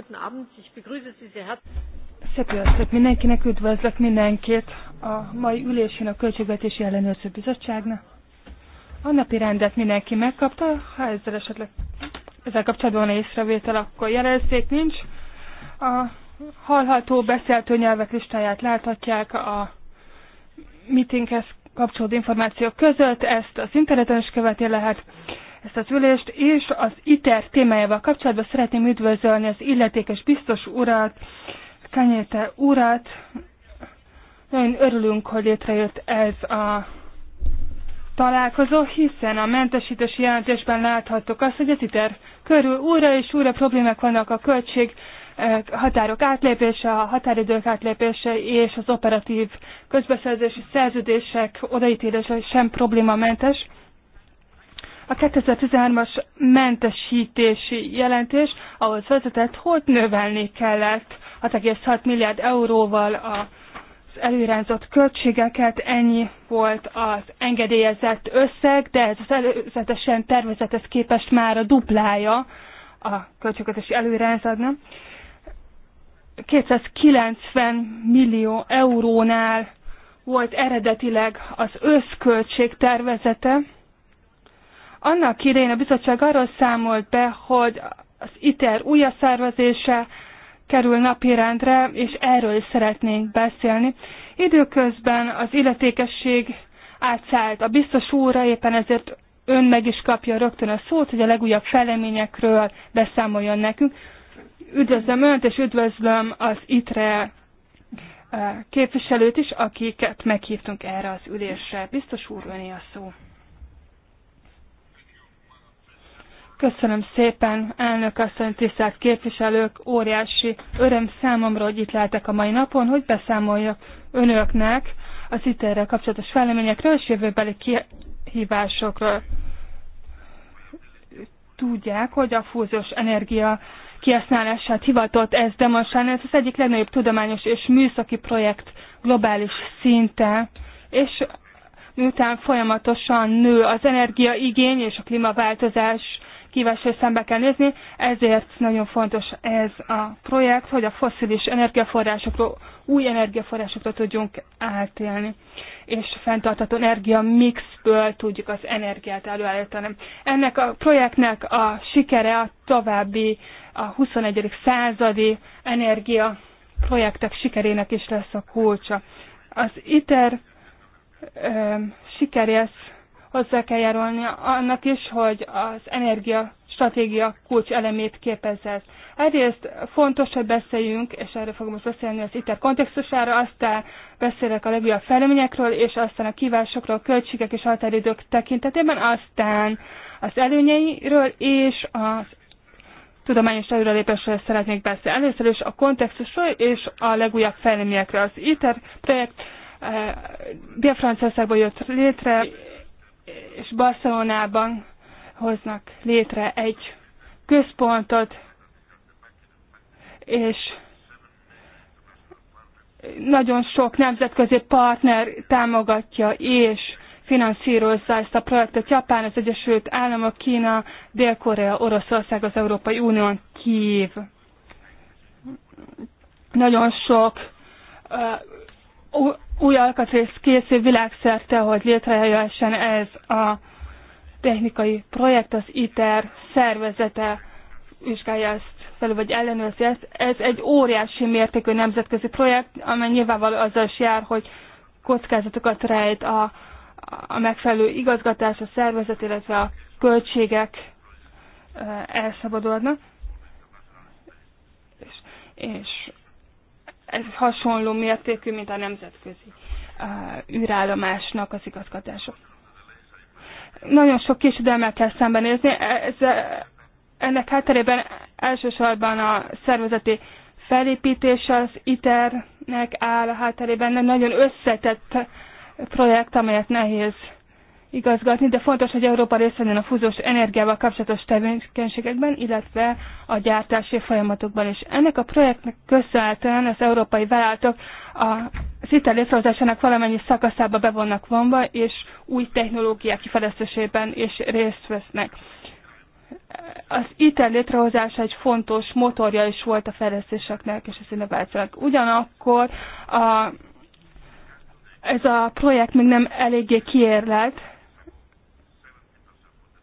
guten Abend. Ich begrüße Sie sehr herzlich. Szép estét mindenkinek, üdvözlök mindenkit a mai ülésén a Költségvetési Ellenőrző Bizottságnak. A napi rendet mindenki megkapta, ha ezzel esetleg ezzel kapcsolatban van észrevétel, akkor jelezzék nincs. A hallható beszéltő nyelvek listáját láthatják a meetinghez kapcsolódó információk között, ezt az interneten is követni lehet ezt az ülést, és az ITER témájával kapcsolatban szeretném üdvözölni az illetékes biztos urat, Kenyéte urat. Nagyon örülünk, hogy létrejött ez a találkozó, hiszen a mentesítési jelentésben láthattuk azt, hogy az ITER körül újra és újra problémák vannak a költség eh, határok átlépése, a határidők átlépése és az operatív közbeszerzési szerződések odaítélése sem problémamentes. A 2013-as mentesítési jelentés ahhoz vezetett, hogy növelni kellett 6,6 milliárd euróval a az előirányzott költségeket, ennyi volt az engedélyezett összeg, de ez az előzetesen tervezethez képest már a duplája a költségvetési előirányzatnak. 290 millió eurónál volt eredetileg az összköltség tervezete, annak idején a bizottság arról számolt be, hogy az ITER újra szervezése kerül napirendre, és erről is szeretnénk beszélni. Időközben az illetékesség átszállt a biztos úrra, éppen ezért ön meg is kapja rögtön a szót, hogy a legújabb feleményekről beszámoljon nekünk. Üdvözlöm Önt, és üdvözlöm az ITRE eh, képviselőt is, akiket meghívtunk erre az ülésre. Biztos úr, öné a szó. Köszönöm szépen, elnök asszony, tisztelt képviselők, óriási öröm számomra, hogy itt lehetek a mai napon, hogy beszámoljak önöknek az ITER-rel kapcsolatos fejleményekről és jövőbeli kihívásokról. Tudják, hogy a fúzós energia kihasználását hivatott ez demonstrálni. Ez az egyik legnagyobb tudományos és műszaki projekt globális szinten, és miután folyamatosan nő az energiaigény és a klímaváltozás kívással szembe kell nézni, ezért nagyon fontos ez a projekt, hogy a foszilis energiaforrásokról, új energiaforrásokról tudjunk átélni, és fenntartható energia mixből tudjuk az energiát előállítani. Ennek a projektnek a sikere a további a 21. századi energia projektek sikerének is lesz a kulcsa. Az ITER ö, sikerész hozzá kell járulni annak is, hogy az energia stratégia kulcs elemét képezze ez. Egyrészt fontos, hogy beszéljünk, és erről fogom most beszélni az ITER kontextusára, aztán beszélek a legújabb fejleményekről, és aztán a kívásokról, a költségek és határidők tekintetében, aztán az előnyeiről és a tudományos előrelépésről szeretnék beszélni. Először is a kontextusról és a legújabb fejleményekről. Az ITER projekt eh, Dél-Franciaországban jött létre, és Barcelonában hoznak létre egy központot, és nagyon sok nemzetközi partner támogatja és finanszírozza ezt a projektet. Japán, az Egyesült Államok, Kína, Dél-Korea, Oroszország, az Európai Unión kív. Nagyon sok uh, új alkatrész készül világszerte, hogy létrejöjjön ez a technikai projekt, az ITER szervezete vizsgálja ezt felül, vagy ellenőrzi ezt. Ez egy óriási mértékű nemzetközi projekt, amely nyilvánvaló azzal is jár, hogy kockázatokat rejt a, a megfelelő igazgatás, a szervezet, illetve a költségek elszabadulnak. És, és ez hasonló mértékű, mint a nemzetközi űrállomásnak az igazgatása. Nagyon sok késődelmel kell szembenézni, ez, ennek hátterében elsősorban a szervezeti felépítés az ITER-nek áll a hátterében, de nagyon összetett projekt, amelyet nehéz igazgatni, de fontos, hogy Európa részvenjen a fúzós energiával kapcsolatos tevékenységekben, illetve a gyártási folyamatokban is. Ennek a projektnek köszönhetően az európai vállalatok a hitel létrehozásának valamennyi szakaszába bevonnak vonva, és új technológiák kifejlesztésében is részt vesznek. Az ITER létrehozása egy fontos motorja is volt a fejlesztéseknek és az innovációnak. Ugyanakkor a, ez a projekt még nem eléggé kiérlet,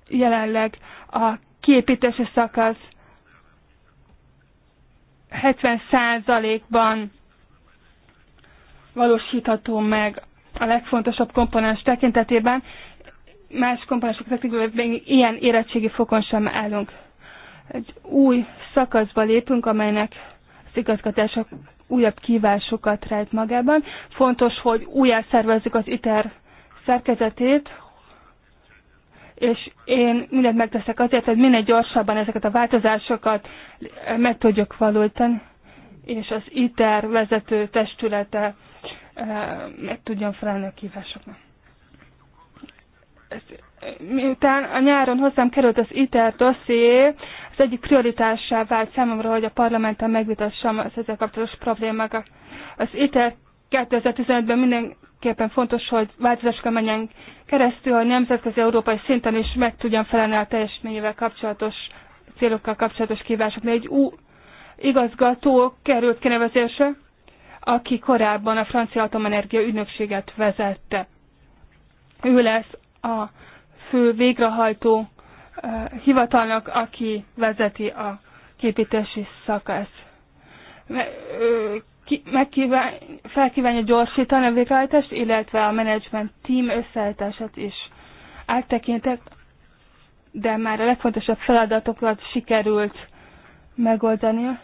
jelenleg a kiépítési szakasz 70%-ban valósítható meg a legfontosabb komponens tekintetében, más komponensok tekintetében még ilyen érettségi fokon sem állunk. Egy új szakaszba lépünk, amelynek az igazgatása újabb kívásokat rejt magában. Fontos, hogy újjá szervezzük az ITER szerkezetét, és én mindent megteszek azért, hogy minél gyorsabban ezeket a változásokat eh, meg tudjuk valójtani, és az ITER vezető testülete eh, meg tudjon felelni a kívásoknak. Eh, miután a nyáron hozzám került az ITER dosszié, az egyik prioritássá vált számomra, hogy a parlamenten megvitassam az ezzel kapcsolatos problémákat. Az ITER 2015-ben minden mindenképpen fontos, hogy változásokon menjen keresztül, hogy nemzetközi európai szinten is meg tudjan felelni a teljesítményével kapcsolatos célokkal kapcsolatos kívásoknak. Egy új igazgató került kinevezése, aki korábban a francia atomenergia ügynökséget vezette. Ő lesz a fő végrehajtó eh, hivatalnak, aki vezeti a képítési szakaszt felkívánja gyorsítani a végrehajtást, illetve a menedzsment team összeállítását is áttekintek, de már a legfontosabb feladatokat sikerült megoldani.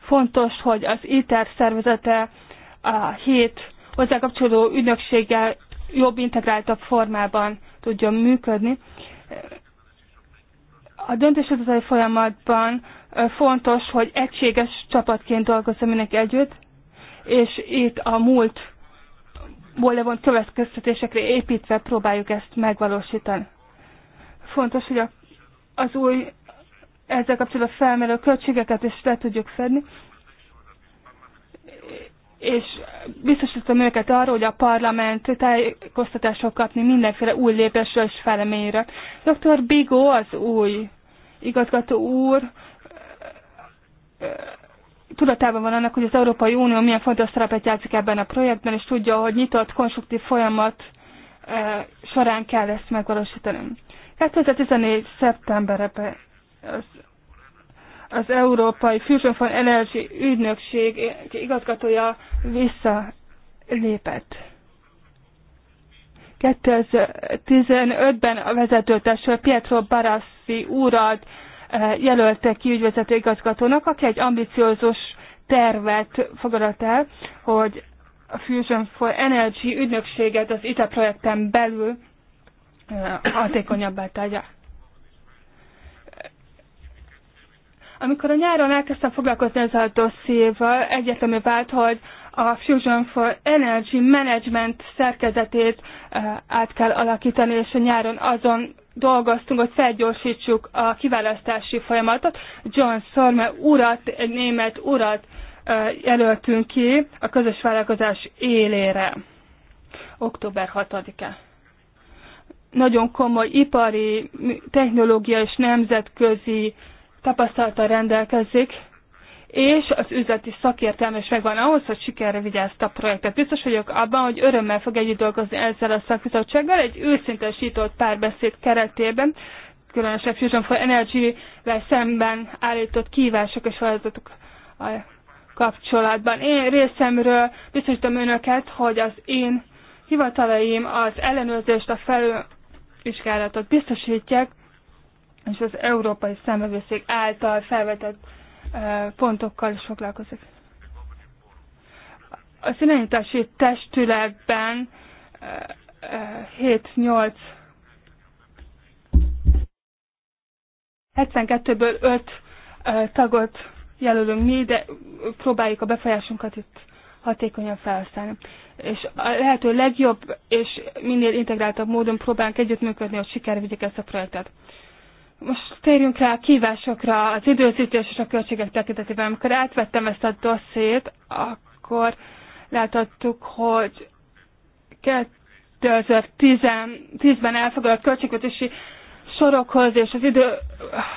Fontos, hogy az ITER szervezete a hét hozzákapcsoló ügynökséggel jobb integráltabb formában tudjon működni a döntéshozatai folyamatban fontos, hogy egységes csapatként dolgozzon mindenki együtt, és itt a múlt ból levont következtetésekre építve próbáljuk ezt megvalósítani. Fontos, hogy az új ezzel kapcsolatban felmerő költségeket is le tudjuk fedni, és biztosítom őket arról, hogy a parlament tájékoztatások kapni mindenféle új lépésről és feleményre. Dr. Bigó az új igazgató úr tudatában van annak, hogy az Európai Unió milyen fontos szerepet játszik ebben a projektben, és tudja, hogy nyitott, konstruktív folyamat során kell ezt megvalósítani. 2014. szeptemberben az az Európai Fusion for Energy ügynökség igazgatója visszalépett. 2015-ben a vezetőtestről Pietro Barassi úrat eh, jelölte ki ügyvezető igazgatónak, aki egy ambiciózus tervet fogadott el, hogy a Fusion for Energy ügynökséget az ITA projekten belül eh, hatékonyabbá tegye. Amikor a nyáron elkezdtem foglalkozni ezzel a dosszéval, egyetemű vált, hogy a Fusion for Energy Management szerkezetét eh, át kell alakítani, és a nyáron azon dolgoztunk, hogy felgyorsítsuk a kiválasztási folyamatot. John Sorme urat, egy német urat eh, jelöltünk ki a közös vállalkozás élére. Október 6 e Nagyon komoly ipari, technológia és nemzetközi Tapasztalta rendelkezik, és az üzleti szakértelme is megvan ahhoz, hogy sikerre vigye ezt a projektet. Biztos vagyok abban, hogy örömmel fog együtt dolgozni ezzel a szakbizottsággal egy őszintesított párbeszéd keretében, különösen Fusion for Energy-vel szemben állított kívások és feladatok kapcsolatban. Én részemről biztosítom önöket, hogy az én hivatalaim az ellenőrzést, a felülvizsgálatot biztosítják, és az Európai Számövőszék által felvetett pontokkal is foglalkozik. A színenyítási testületben 7-8 72-ből 5 tagot jelölünk mi, de próbáljuk a befolyásunkat itt hatékonyan felhasználni. És a lehető legjobb és minél integráltabb módon próbálunk együttműködni, hogy sikerre vigyük ezt a projektet. Most térjünk rá a kívásokra, az időzítés és a költségek tekintetében. Amikor átvettem ezt a dosszét, akkor láthattuk, hogy 2010-ben elfogadott költségvetési sorokhoz és az idő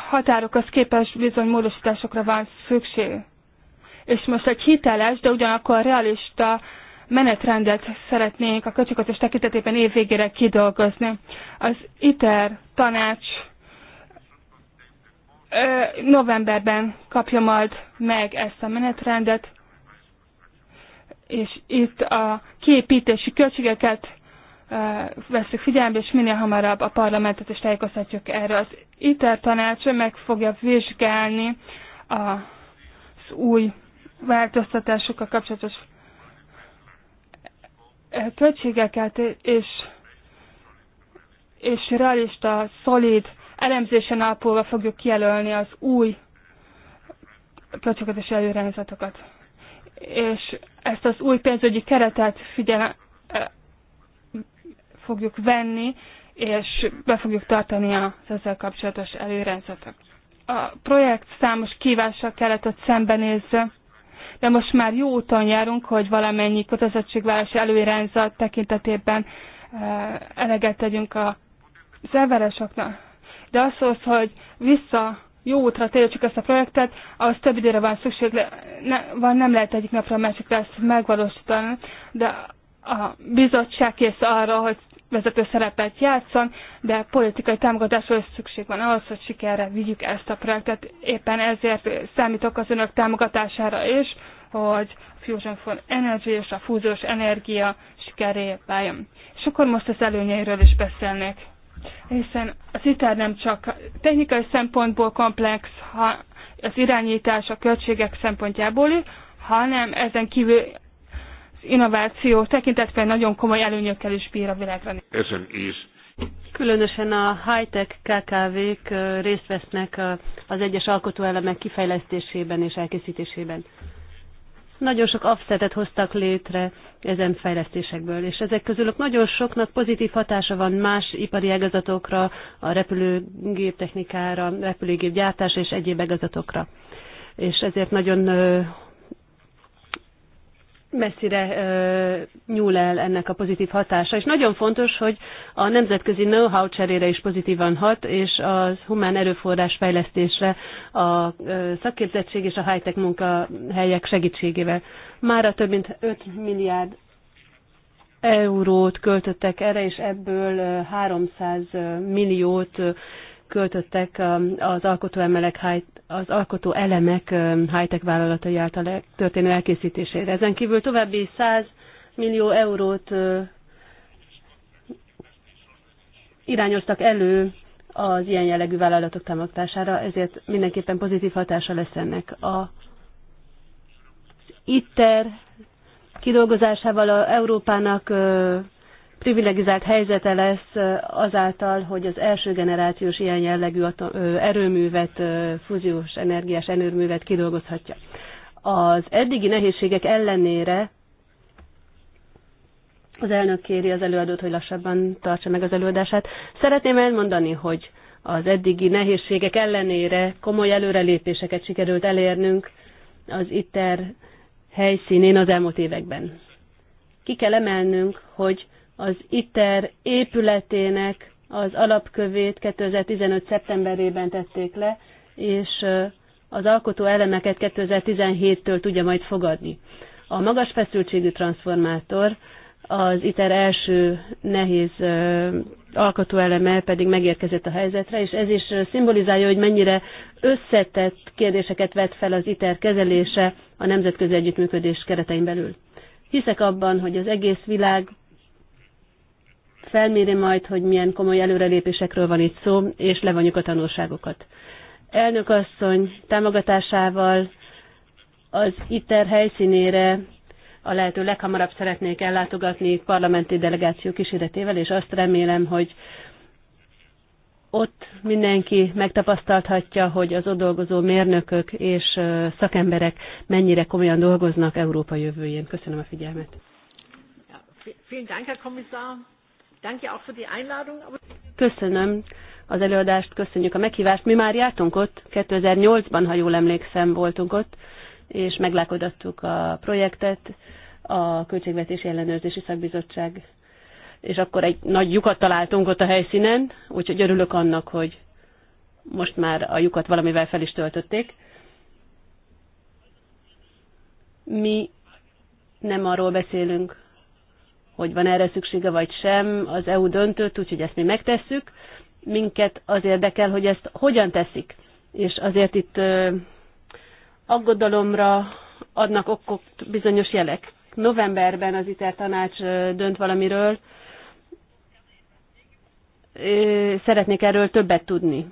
határokhoz képest bizony módosításokra van szükség. És most egy hiteles, de ugyanakkor realista menetrendet szeretnénk a költségvetés tekintetében évvégére kidolgozni. Az ITER tanács novemberben kapja majd meg ezt a menetrendet, és itt a kiépítési költségeket veszük figyelembe, és minél hamarabb a parlamentet is tájékoztatjuk erről. Az ITER tanács meg fogja vizsgálni az új változtatásokkal kapcsolatos költségeket, és, és realista, szolid elemzésen alapulva fogjuk kijelölni az új költségvetési előrehajzatokat. És ezt az új pénzügyi keretet figyelem, fogjuk venni, és be fogjuk tartani az ezzel kapcsolatos előrehajzatot. A projekt számos kívással kellett ott szembenézze, de most már jó úton járunk, hogy valamennyi kötelezettségvállalási előirányzat tekintetében eleget tegyünk a szerveresoknak de az, hogy vissza jó útra térjük ezt a projektet, ahhoz több időre van szükség, ne, van, nem lehet egyik napra a másikra ezt megvalósítani, de a bizottság kész arra, hogy vezető szerepet játszon, de politikai támogatásra is szükség van ahhoz, hogy sikerre vigyük ezt a projektet. Éppen ezért számítok az önök támogatására is, hogy Fusion for Energy és a fúziós energia sikeré váljon. És akkor most az előnyeiről is beszélnék hiszen az szitár nem csak technikai szempontból komplex, ha az irányítás a költségek szempontjából, hanem ezen kívül az innováció tekintetben nagyon komoly előnyökkel is bír a világra. Ezen is. Különösen a high-tech KKV-k részt vesznek az egyes alkotóelemek kifejlesztésében és elkészítésében nagyon sok offsetet hoztak létre ezen fejlesztésekből, és ezek közül nagyon soknak pozitív hatása van más ipari ágazatokra, a repülőgép technikára, repülőgép gyártása és egyéb ágazatokra. És ezért nagyon messzire ö, nyúl el ennek a pozitív hatása. És nagyon fontos, hogy a nemzetközi know-how cserére is pozitívan hat, és az humán erőforrás fejlesztésre a ö, szakképzettség és a high-tech munkahelyek segítségével. Mára több mint 5 milliárd eurót költöttek erre, és ebből 300 milliót költöttek um, az alkotó, emelek, az alkotó elemek um, high-tech vállalatai által történő elkészítésére. Ezen kívül további 100 millió eurót uh, irányoztak elő az ilyen jellegű vállalatok támogatására, ezért mindenképpen pozitív hatása lesz ennek. A ITER kidolgozásával a Európának uh, privilegizált helyzete lesz azáltal, hogy az első generációs ilyen jellegű erőművet, fúziós energiás erőművet kidolgozhatja. Az eddigi nehézségek ellenére az elnök kéri az előadót, hogy lassabban tartsa meg az előadását. Szeretném elmondani, hogy az eddigi nehézségek ellenére komoly előrelépéseket sikerült elérnünk az ITER helyszínén az elmúlt években. Ki kell emelnünk, hogy az ITER épületének az alapkövét 2015. szeptemberében tették le, és az alkotó elemeket 2017-től tudja majd fogadni. A magas feszültségű transformátor az ITER első nehéz alkotóeleme pedig megérkezett a helyzetre, és ez is szimbolizálja, hogy mennyire összetett kérdéseket vet fel az ITER kezelése a nemzetközi együttműködés keretein belül. Hiszek abban, hogy az egész világ felméri majd, hogy milyen komoly előrelépésekről van itt szó, és levonjuk a tanulságokat. Elnök asszony támogatásával az ITER helyszínére a lehető leghamarabb szeretnék ellátogatni parlamenti delegáció kíséretével, és azt remélem, hogy ott mindenki megtapasztalhatja, hogy az ott dolgozó mérnökök és szakemberek mennyire komolyan dolgoznak Európa jövőjén. Köszönöm a figyelmet. Vielen Dank, Herr Kommissar. Köszönöm az előadást, köszönjük a meghívást. Mi már jártunk ott, 2008-ban, ha jól emlékszem, voltunk ott, és meglákodattuk a projektet, a Költségvetési Ellenőrzési Szakbizottság, és akkor egy nagy lyukat találtunk ott a helyszínen, úgyhogy örülök annak, hogy most már a lyukat valamivel fel is töltötték. Mi nem arról beszélünk, hogy van erre szüksége vagy sem, az EU döntött, úgyhogy ezt mi megtesszük. Minket az érdekel, hogy ezt hogyan teszik. És azért itt aggodalomra adnak okok bizonyos jelek. Novemberben az ITER tanács dönt valamiről. Szeretnék erről többet tudni.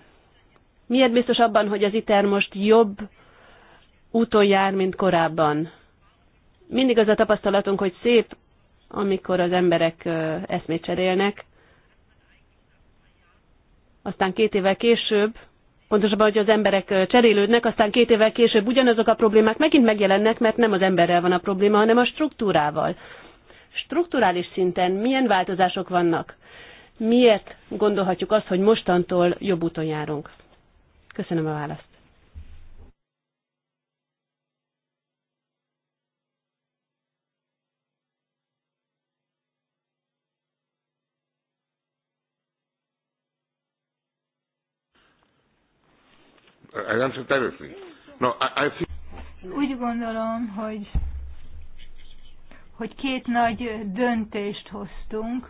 Miért biztos abban, hogy az ITER most jobb úton jár, mint korábban? Mindig az a tapasztalatunk, hogy szép amikor az emberek eszmét cserélnek. Aztán két évvel később, pontosabban, hogy az emberek cserélődnek, aztán két évvel később ugyanazok a problémák megint megjelennek, mert nem az emberrel van a probléma, hanem a struktúrával. Strukturális szinten milyen változások vannak? Miért gondolhatjuk azt, hogy mostantól jobb úton járunk? Köszönöm a választ. Úgy gondolom, hogy, hogy két nagy döntést hoztunk.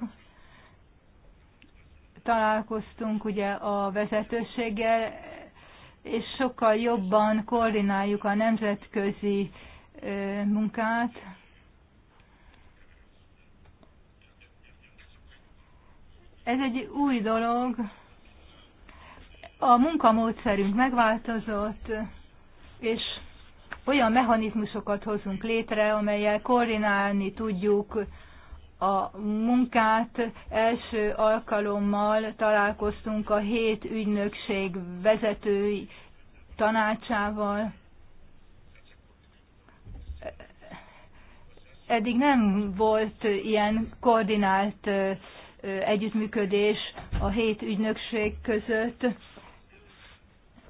Találkoztunk ugye a vezetőséggel, és sokkal jobban koordináljuk a nemzetközi munkát, ez egy új dolog, a munkamódszerünk megváltozott, és olyan mechanizmusokat hozunk létre, amelyel koordinálni tudjuk a munkát. Első alkalommal találkoztunk a hét ügynökség vezetői tanácsával. Eddig nem volt ilyen koordinált együttműködés a hét ügynökség között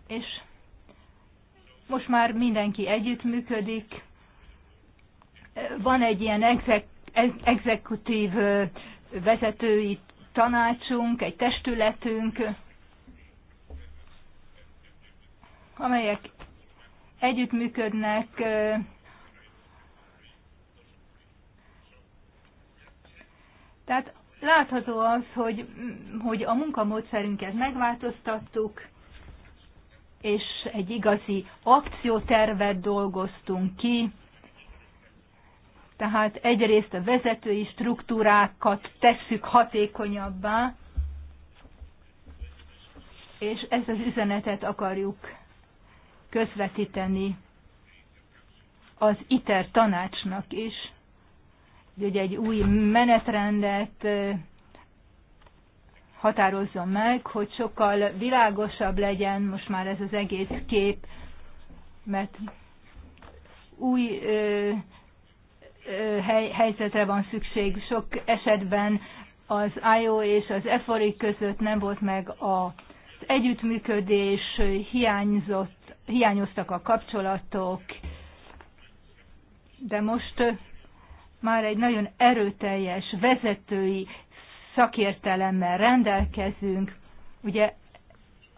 és most már mindenki együttműködik. Van egy ilyen exek, exekutív vezetői tanácsunk, egy testületünk, amelyek együttműködnek Tehát látható az, hogy, hogy a munkamódszerünket megváltoztattuk, és egy igazi akciótervet dolgoztunk ki, tehát egyrészt a vezetői struktúrákat tesszük hatékonyabbá, és ezt az üzenetet akarjuk közvetíteni az ITER tanácsnak is, hogy egy új menetrendet határozzon meg, hogy sokkal világosabb legyen most már ez az egész kép, mert új ö, ö, hely, helyzetre van szükség. Sok esetben az IO és az EFORI között nem volt meg a együttműködés, hiányzott, hiányoztak a kapcsolatok, de most már egy nagyon erőteljes vezetői szakértelemmel rendelkezünk. Ugye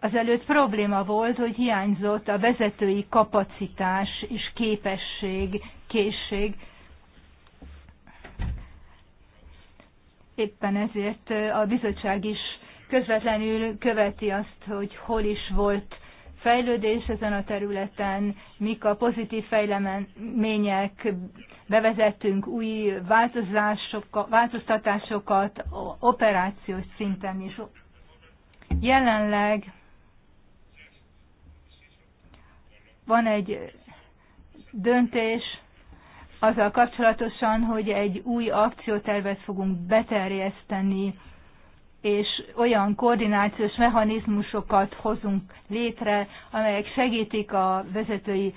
azelőtt probléma volt, hogy hiányzott a vezetői kapacitás és képesség, készség. Éppen ezért a bizottság is közvetlenül követi azt, hogy hol is volt fejlődés ezen a területen, mik a pozitív fejlemények, bevezettünk új változásokat, változtatásokat operációs szinten is. Jelenleg van egy döntés azzal kapcsolatosan, hogy egy új akciótervet fogunk beterjeszteni és olyan koordinációs mechanizmusokat hozunk létre, amelyek segítik a vezetői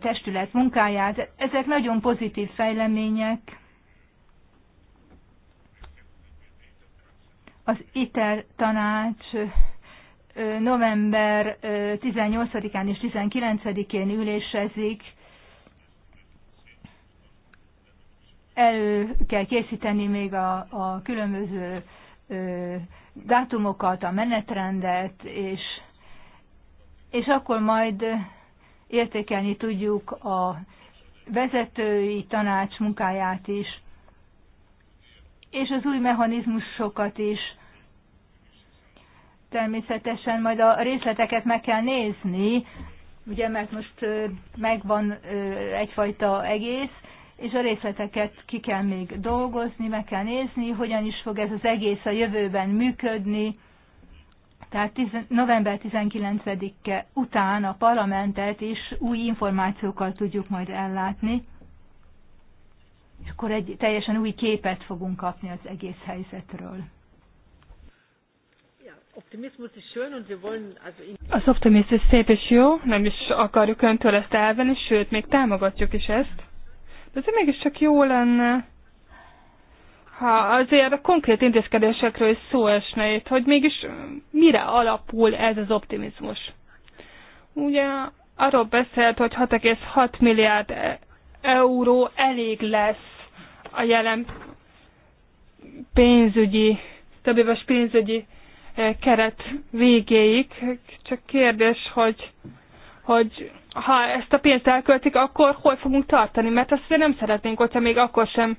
testület munkáját. Ezek nagyon pozitív fejlemények. Az ITER tanács november 18-án és 19-én ülésezik. Elő kell készíteni még a, a különböző dátumokat, a menetrendet, és, és akkor majd értékelni tudjuk a vezetői tanács munkáját is, és az új mechanizmusokat is. Természetesen majd a részleteket meg kell nézni, ugye, mert most megvan egyfajta egész, és a részleteket ki kell még dolgozni, meg kell nézni, hogyan is fog ez az egész a jövőben működni. Tehát november 19-e után a parlamentet is új információkkal tudjuk majd ellátni, és akkor egy teljesen új képet fogunk kapni az egész helyzetről. Az optimizmus szép és jó, nem is akarjuk öntől ezt elvenni, sőt, még támogatjuk is ezt. De azért mégiscsak jó lenne, ha azért a konkrét intézkedésekről is szó esne itt, hogy mégis mire alapul ez az optimizmus. Ugye arról beszélt, hogy 6,6 milliárd e- euró elég lesz a jelen pénzügyi, több éves pénzügyi e, keret végéig. Csak kérdés, hogy hogy ha ezt a pénzt elköltik, akkor hol fogunk tartani? Mert azt nem szeretnénk, hogyha még akkor sem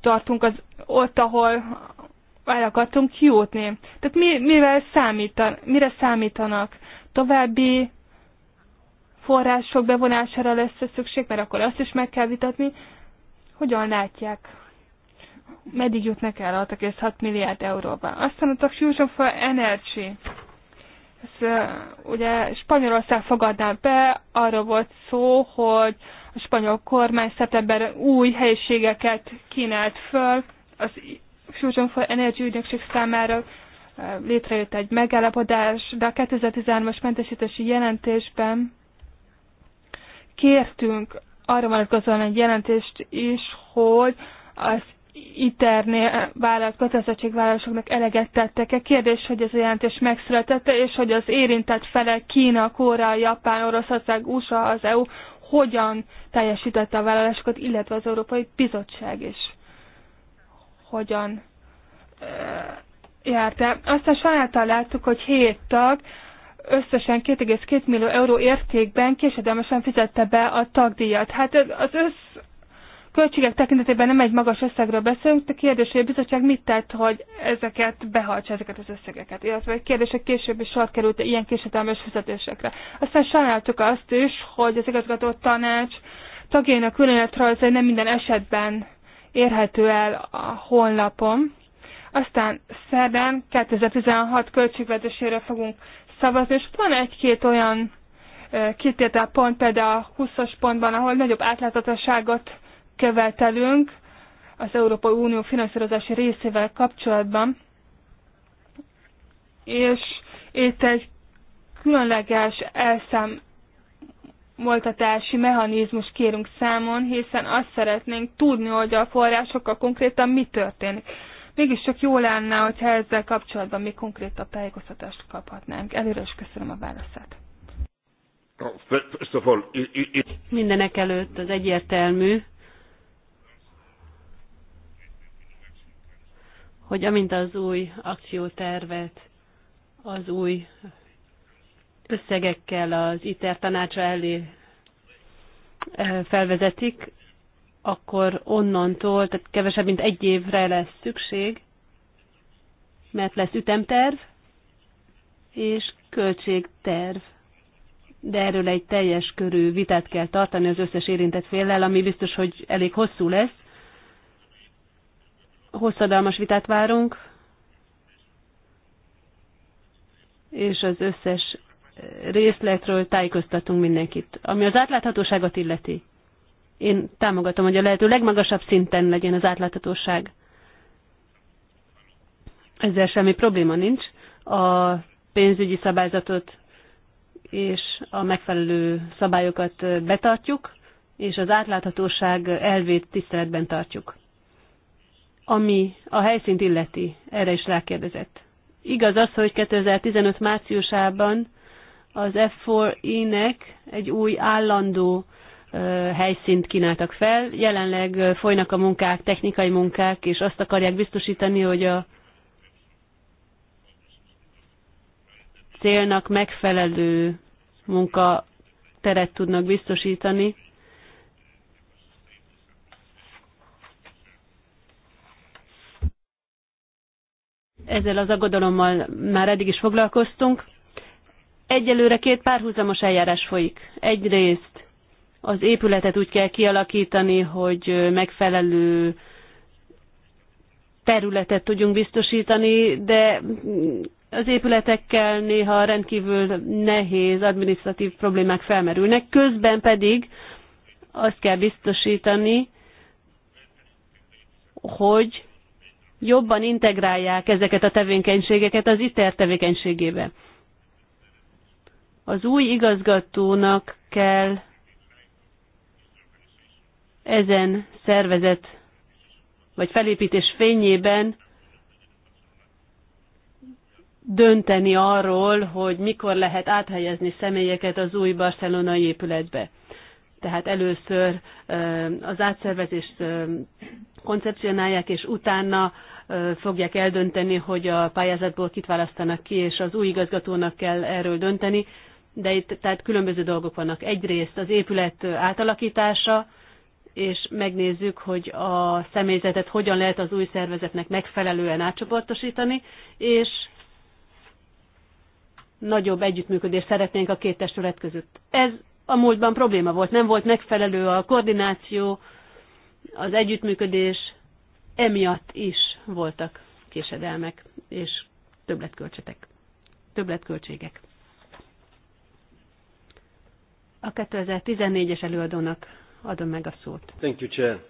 tartunk az ott, ahol el akartunk kiútni. Tehát mi, mivel számítan, mire számítanak? További források bevonására lesz a szükség, mert akkor azt is meg kell vitatni. Hogyan látják? Meddig jutnak el a 6 milliárd euróba? Aztán a Fusion for Energy ez, ugye Spanyolország fogadná be, arra volt szó, hogy a spanyol kormány szeptember új helyiségeket kínált föl, az Fusion for Energy ügynökség számára létrejött egy megállapodás, de a 2013-as mentesítési jelentésben kértünk arra vonatkozóan egy jelentést is, hogy az ITER-nél vállalt kötelezettségvállalásoknak eleget tettek-e. Kérdés, hogy ez a jelentés megszületette, és hogy az érintett felek Kína, Kóra, Japán, Oroszország, USA, az EU hogyan teljesítette a vállalásokat, illetve az Európai Bizottság is hogyan járta. járt el. Aztán sajnáltal láttuk, hogy hét tag összesen 2,2 millió euró értékben késedelmesen fizette be a tagdíjat. Hát az össz költségek tekintetében nem egy magas összegről beszélünk, de kérdés, hogy a bizottság mit tett, hogy ezeket behaltsa ezeket az összegeket. Illetve egy kérdés, hogy később is sor került ilyen késedelmes fizetésekre. Aztán sajnáltuk azt is, hogy az igazgató tanács tagjainak különetrajzai nem minden esetben érhető el a honlapon. Aztán szerdán 2016 költségvetésére fogunk szavazni, és van egy-két olyan kitétel pont, például a 20-as pontban, ahol nagyobb átláthatóságot követelünk az Európai Unió finanszírozási részével kapcsolatban, és itt egy különleges elszámoltatási mechanizmus kérünk számon, hiszen azt szeretnénk tudni, hogy a forrásokkal konkrétan mi történik. Mégiscsak jó lenne, hogyha ezzel kapcsolatban mi konkrétabb tájékoztatást kaphatnánk. Előre is köszönöm a válaszát. Oh, Mindenek előtt az egyértelmű, hogy amint az új akciótervet az új összegekkel az ITER tanácsa elé eh, felvezetik, akkor onnantól, tehát kevesebb, mint egy évre lesz szükség, mert lesz ütemterv és költségterv. De erről egy teljes körű vitát kell tartani az összes érintett féllel, ami biztos, hogy elég hosszú lesz, hosszadalmas vitát várunk, és az összes részletről tájékoztatunk mindenkit. Ami az átláthatóságot illeti, én támogatom, hogy a lehető legmagasabb szinten legyen az átláthatóság. Ezzel semmi probléma nincs. A pénzügyi szabályzatot és a megfelelő szabályokat betartjuk, és az átláthatóság elvét tiszteletben tartjuk. Ami a helyszínt illeti, erre is rákérdezett. Igaz az, hogy 2015 márciusában az F4I-nek egy új állandó helyszínt kínáltak fel. Jelenleg folynak a munkák, technikai munkák, és azt akarják biztosítani, hogy a célnak megfelelő munkateret tudnak biztosítani, ezzel az aggodalommal már eddig is foglalkoztunk. Egyelőre két párhuzamos eljárás folyik. Egyrészt az épületet úgy kell kialakítani, hogy megfelelő területet tudjunk biztosítani, de az épületekkel néha rendkívül nehéz adminisztratív problémák felmerülnek, közben pedig azt kell biztosítani, hogy jobban integrálják ezeket a tevékenységeket az ITER tevékenységébe. Az új igazgatónak kell ezen szervezet vagy felépítés fényében dönteni arról, hogy mikor lehet áthelyezni személyeket az új barcelonai épületbe. Tehát először az átszervezést koncepcionálják, és utána fogják eldönteni, hogy a pályázatból kit választanak ki, és az új igazgatónak kell erről dönteni, de itt tehát különböző dolgok vannak. Egyrészt az épület átalakítása, és megnézzük, hogy a személyzetet hogyan lehet az új szervezetnek megfelelően átcsoportosítani, és nagyobb együttműködést szeretnénk a két testület között. Ez a múltban probléma volt, nem volt megfelelő a koordináció, az együttműködés, emiatt is voltak késedelmek és többletköltségek. többletköltségek. A 2014-es előadónak adom meg a szót. Thank you, Chair.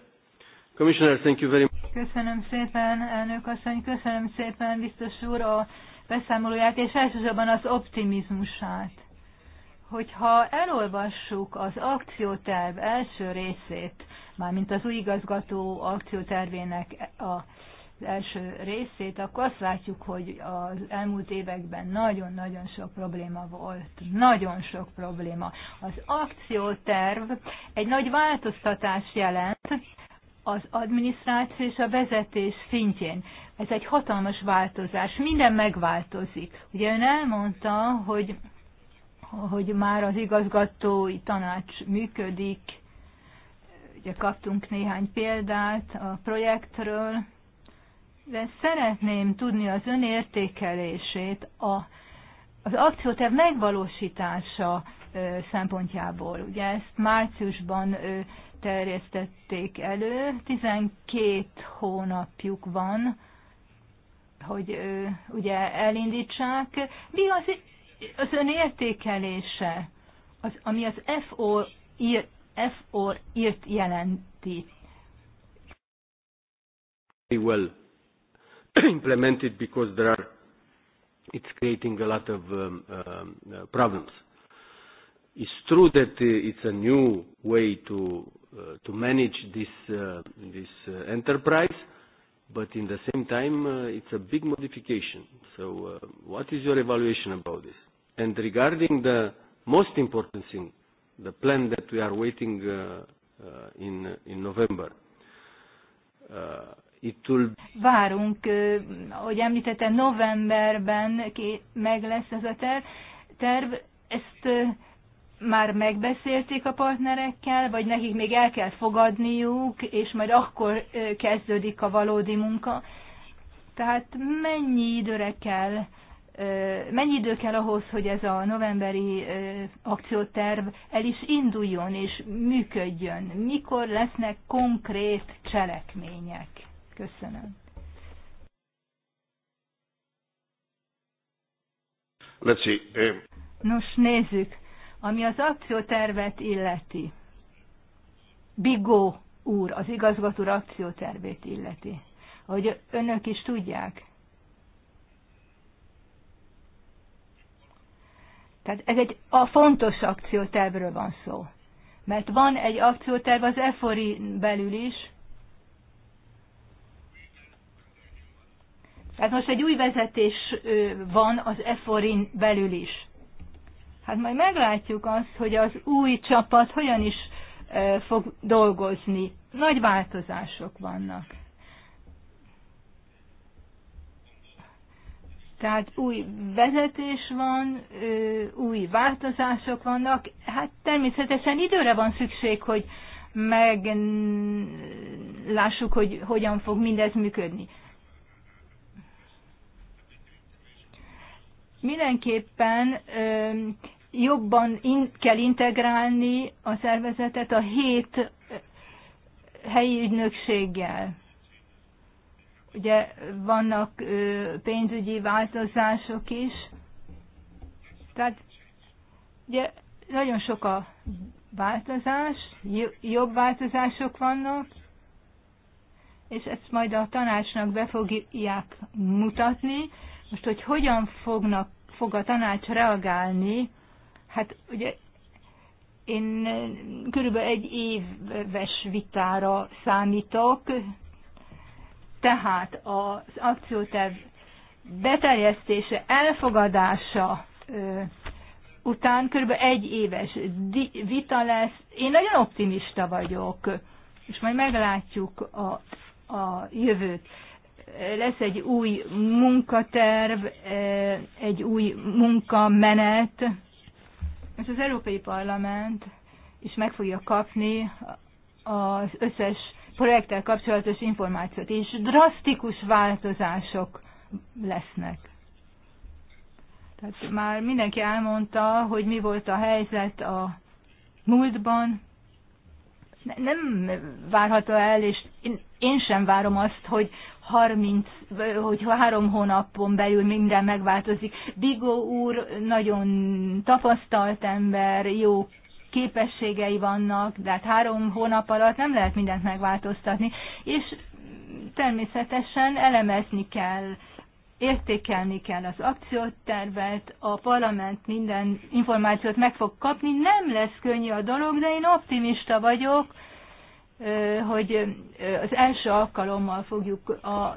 Commissioner, thank you very much. Köszönöm szépen, elnök asszony, köszönöm szépen, biztos úr, a beszámolóját, és elsősorban az optimizmusát. Hogyha elolvassuk az akcióterv első részét, mármint az új igazgató akciótervének a első részét, akkor azt látjuk, hogy az elmúlt években nagyon-nagyon sok probléma volt. Nagyon sok probléma. Az akcióterv egy nagy változtatás jelent az adminisztráció és a vezetés szintjén. Ez egy hatalmas változás. Minden megváltozik. Ugye ön elmondta, hogy hogy már az igazgatói tanács működik. Ugye kaptunk néhány példát a projektről, de szeretném tudni az ön értékelését a, az akcióterv megvalósítása ö, szempontjából. Ugye ezt márciusban ö, terjesztették elő, 12 hónapjuk van, hogy ö, ugye elindítsák. Mi az az ön értékelése, az, ami az FO ír, írt jelenti. Well implemented because there are, it's creating a lot of um, um uh, problems. It's true that uh, it's a new way to uh, to manage this uh, this uh, enterprise, but in the same time, uh, it's a big modification. So, uh, what is your evaluation about this? And regarding the most important thing, the plan that we are waiting uh, uh, in, in November, uh, it will... Várunk, uh, ahogy említette, novemberben ki meg lesz ez a terv. terv ezt uh, már megbeszélték a partnerekkel, vagy nekik még el kell fogadniuk, és majd akkor uh, kezdődik a valódi munka. Tehát mennyi időre kell mennyi idő kell ahhoz, hogy ez a novemberi akcióterv el is induljon és működjön? Mikor lesznek konkrét cselekmények? Köszönöm. Let's see. Nos, nézzük. Ami az akciótervet illeti, Bigó úr, az igazgató akciótervét illeti, Hogy önök is tudják, Tehát ez egy a fontos akciótervről van szó. Mert van egy akcióterv az EFORI belül is. Tehát most egy új vezetés van az EFORIN belül is. Hát majd meglátjuk azt, hogy az új csapat hogyan is fog dolgozni. Nagy változások vannak. Tehát új vezetés van, új változások vannak, hát természetesen időre van szükség, hogy meglássuk, hogy hogyan fog mindez működni. Mindenképpen jobban in, kell integrálni a szervezetet a hét helyi ügynökséggel. Ugye vannak pénzügyi változások is. Tehát ugye nagyon sok a változás, jobb változások vannak, és ezt majd a tanácsnak be fogják mutatni. Most, hogy hogyan fognak, fog a tanács reagálni, hát ugye én körülbelül egy éves vitára számítok, tehát az akcióterv beterjesztése, elfogadása után kb. egy éves vita lesz. Én nagyon optimista vagyok, és majd meglátjuk a, a jövőt. Lesz egy új munkaterv, egy új munkamenet, és az Európai Parlament is meg fogja kapni az összes projekttel kapcsolatos információt, és drasztikus változások lesznek. Tehát már mindenki elmondta, hogy mi volt a helyzet a múltban. Nem várható el, és én, én sem várom azt, hogy 30, hogy három hónapon belül minden megváltozik. Bigó úr nagyon tapasztalt ember, jó képességei vannak, de hát három hónap alatt nem lehet mindent megváltoztatni, és természetesen elemezni kell, értékelni kell az akciótervet, a parlament minden információt meg fog kapni, nem lesz könnyű a dolog, de én optimista vagyok, hogy az első alkalommal fogjuk a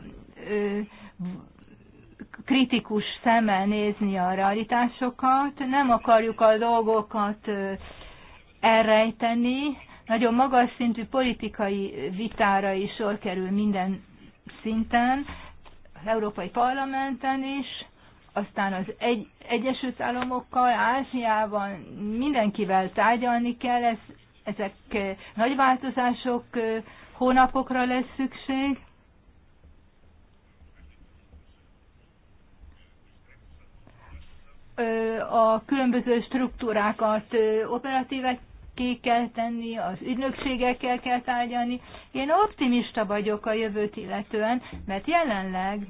kritikus szemmel nézni a realitásokat, nem akarjuk a dolgokat elrejteni. Nagyon magas szintű politikai vitára is sor kerül minden szinten, az Európai Parlamenten is, aztán az egy, Egyesült Államokkal, Ázsiában mindenkivel tárgyalni kell, ez, ezek nagy változások, hónapokra lesz szükség. A különböző struktúrákat operatívek ki kell tenni, az ügynökségekkel kell tárgyalni. Én optimista vagyok a jövőt illetően, mert jelenleg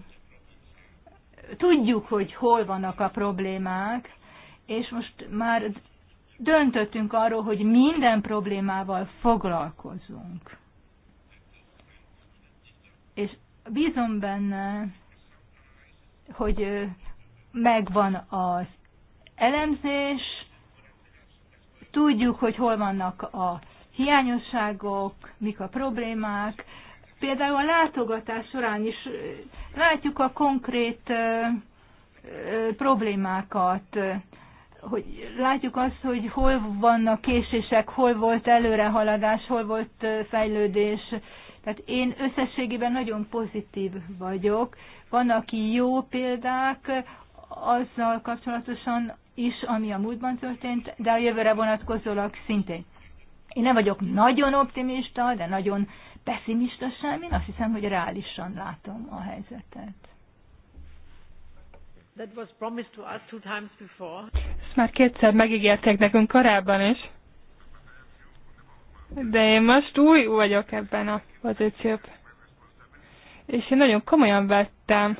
tudjuk, hogy hol vannak a problémák, és most már döntöttünk arról, hogy minden problémával foglalkozunk. És bízom benne, hogy megvan az elemzés, Tudjuk, hogy hol vannak a hiányosságok, mik a problémák. Például a látogatás során is látjuk a konkrét problémákat, hogy látjuk azt, hogy hol vannak késések, hol volt előrehaladás, hol volt fejlődés. Tehát én összességében nagyon pozitív vagyok. Vannak jó példák, azzal kapcsolatosan is, ami a múltban történt, de a jövőre vonatkozólag szintén. Én nem vagyok nagyon optimista, de nagyon pessimista sem. Én azt hiszem, hogy reálisan látom a helyzetet. That was promised to us two times before. Ezt már kétszer megígérték nekünk korábban is. De én most új vagyok ebben a pozícióban. És én nagyon komolyan vettem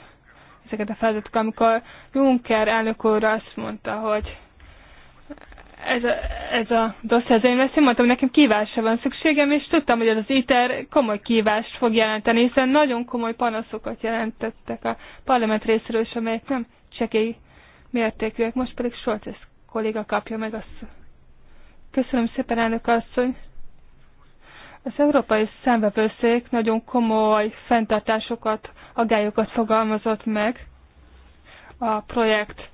ezeket a feladatokat, amikor Juncker elnök úr azt mondta, hogy ez a, ez a dossz, ez én ezt mondtam, nekem kívásra van szükségem, és tudtam, hogy ez az ITER komoly kívást fog jelenteni, hiszen nagyon komoly panaszokat jelentettek a parlament részéről és amelyek nem csekély mértékűek. Most pedig Soltes kolléga kapja meg azt. Köszönöm szépen, elnök asszony! Az Európai Szembevőszék nagyon komoly fenntartásokat aggályokat fogalmazott meg a projekt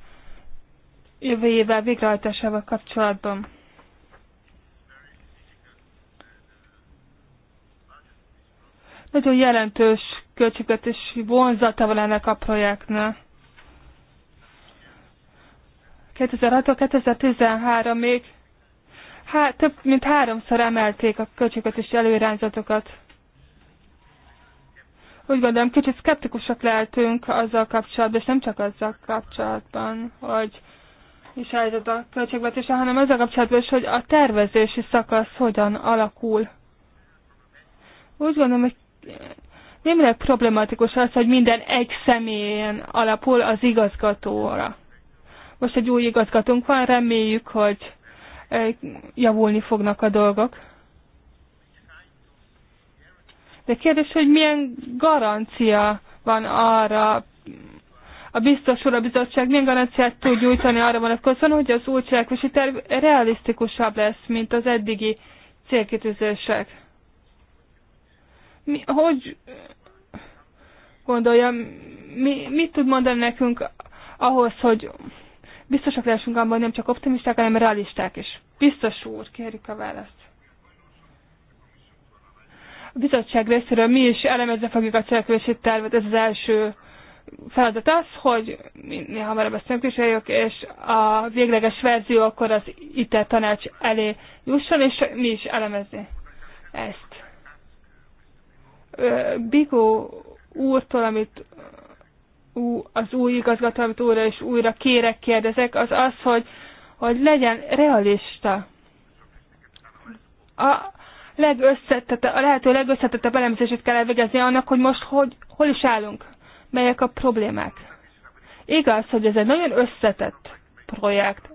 jövőjével végrehajtásával kapcsolatban. Nagyon jelentős költségvetési vonzata van ennek a projektnek. 2006-2013 még há, több mint háromszor emelték a költségvetési előirányzatokat úgy gondolom, kicsit szkeptikusak lehetünk azzal kapcsolatban, és nem csak azzal kapcsolatban, hogy is állított a költségvetése, hanem azzal kapcsolatban is, hogy a tervezési szakasz hogyan alakul. Úgy gondolom, hogy némileg problematikus az, hogy minden egy személyen alapul az igazgatóra. Most egy új igazgatónk van, reméljük, hogy eh, javulni fognak a dolgok. De kérdés, hogy milyen garancia van arra, a biztos úr, a bizottság milyen garanciát tud nyújtani arra vonatkozóan, hogy az új cselekvési terv realisztikusabb lesz, mint az eddigi célkitűzések. Mi, hogy gondolja, mi, mit tud mondani nekünk ahhoz, hogy biztosak lehessünk abban, hogy nem csak optimisták, hanem realisták is? Biztos úr, kérjük a választ. A bizottság részéről mi is elemezni fogjuk a cselekvési tervet. Ez az első feladat az, hogy minél hamarabb ezt megvizsgáljuk, és a végleges verzió akkor az ITER tanács elé jusson, és mi is elemezni ezt. Bigó úrtól, amit az új igazgató, amit újra és újra kérek, kérdezek, az az, hogy, hogy legyen realista. A, a lehető legösszetettebb elemzését kell elvégezni annak, hogy most hogy, hol is állunk, melyek a problémák. Igaz, hogy ez egy nagyon összetett projekt.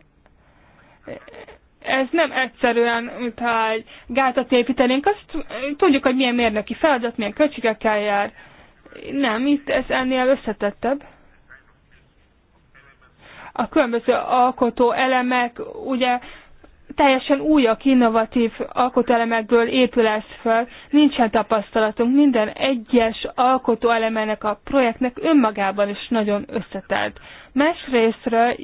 Ez nem egyszerűen, mintha egy gátat építenénk, azt tudjuk, hogy milyen mérnöki feladat, milyen költségekkel jár. Nem, itt ez ennél összetettebb a különböző alkotó elemek ugye teljesen újak, innovatív alkotóelemekből épül ez föl, nincsen tapasztalatunk, minden egyes alkotóelemenek a projektnek önmagában is nagyon összetelt. Másrésztről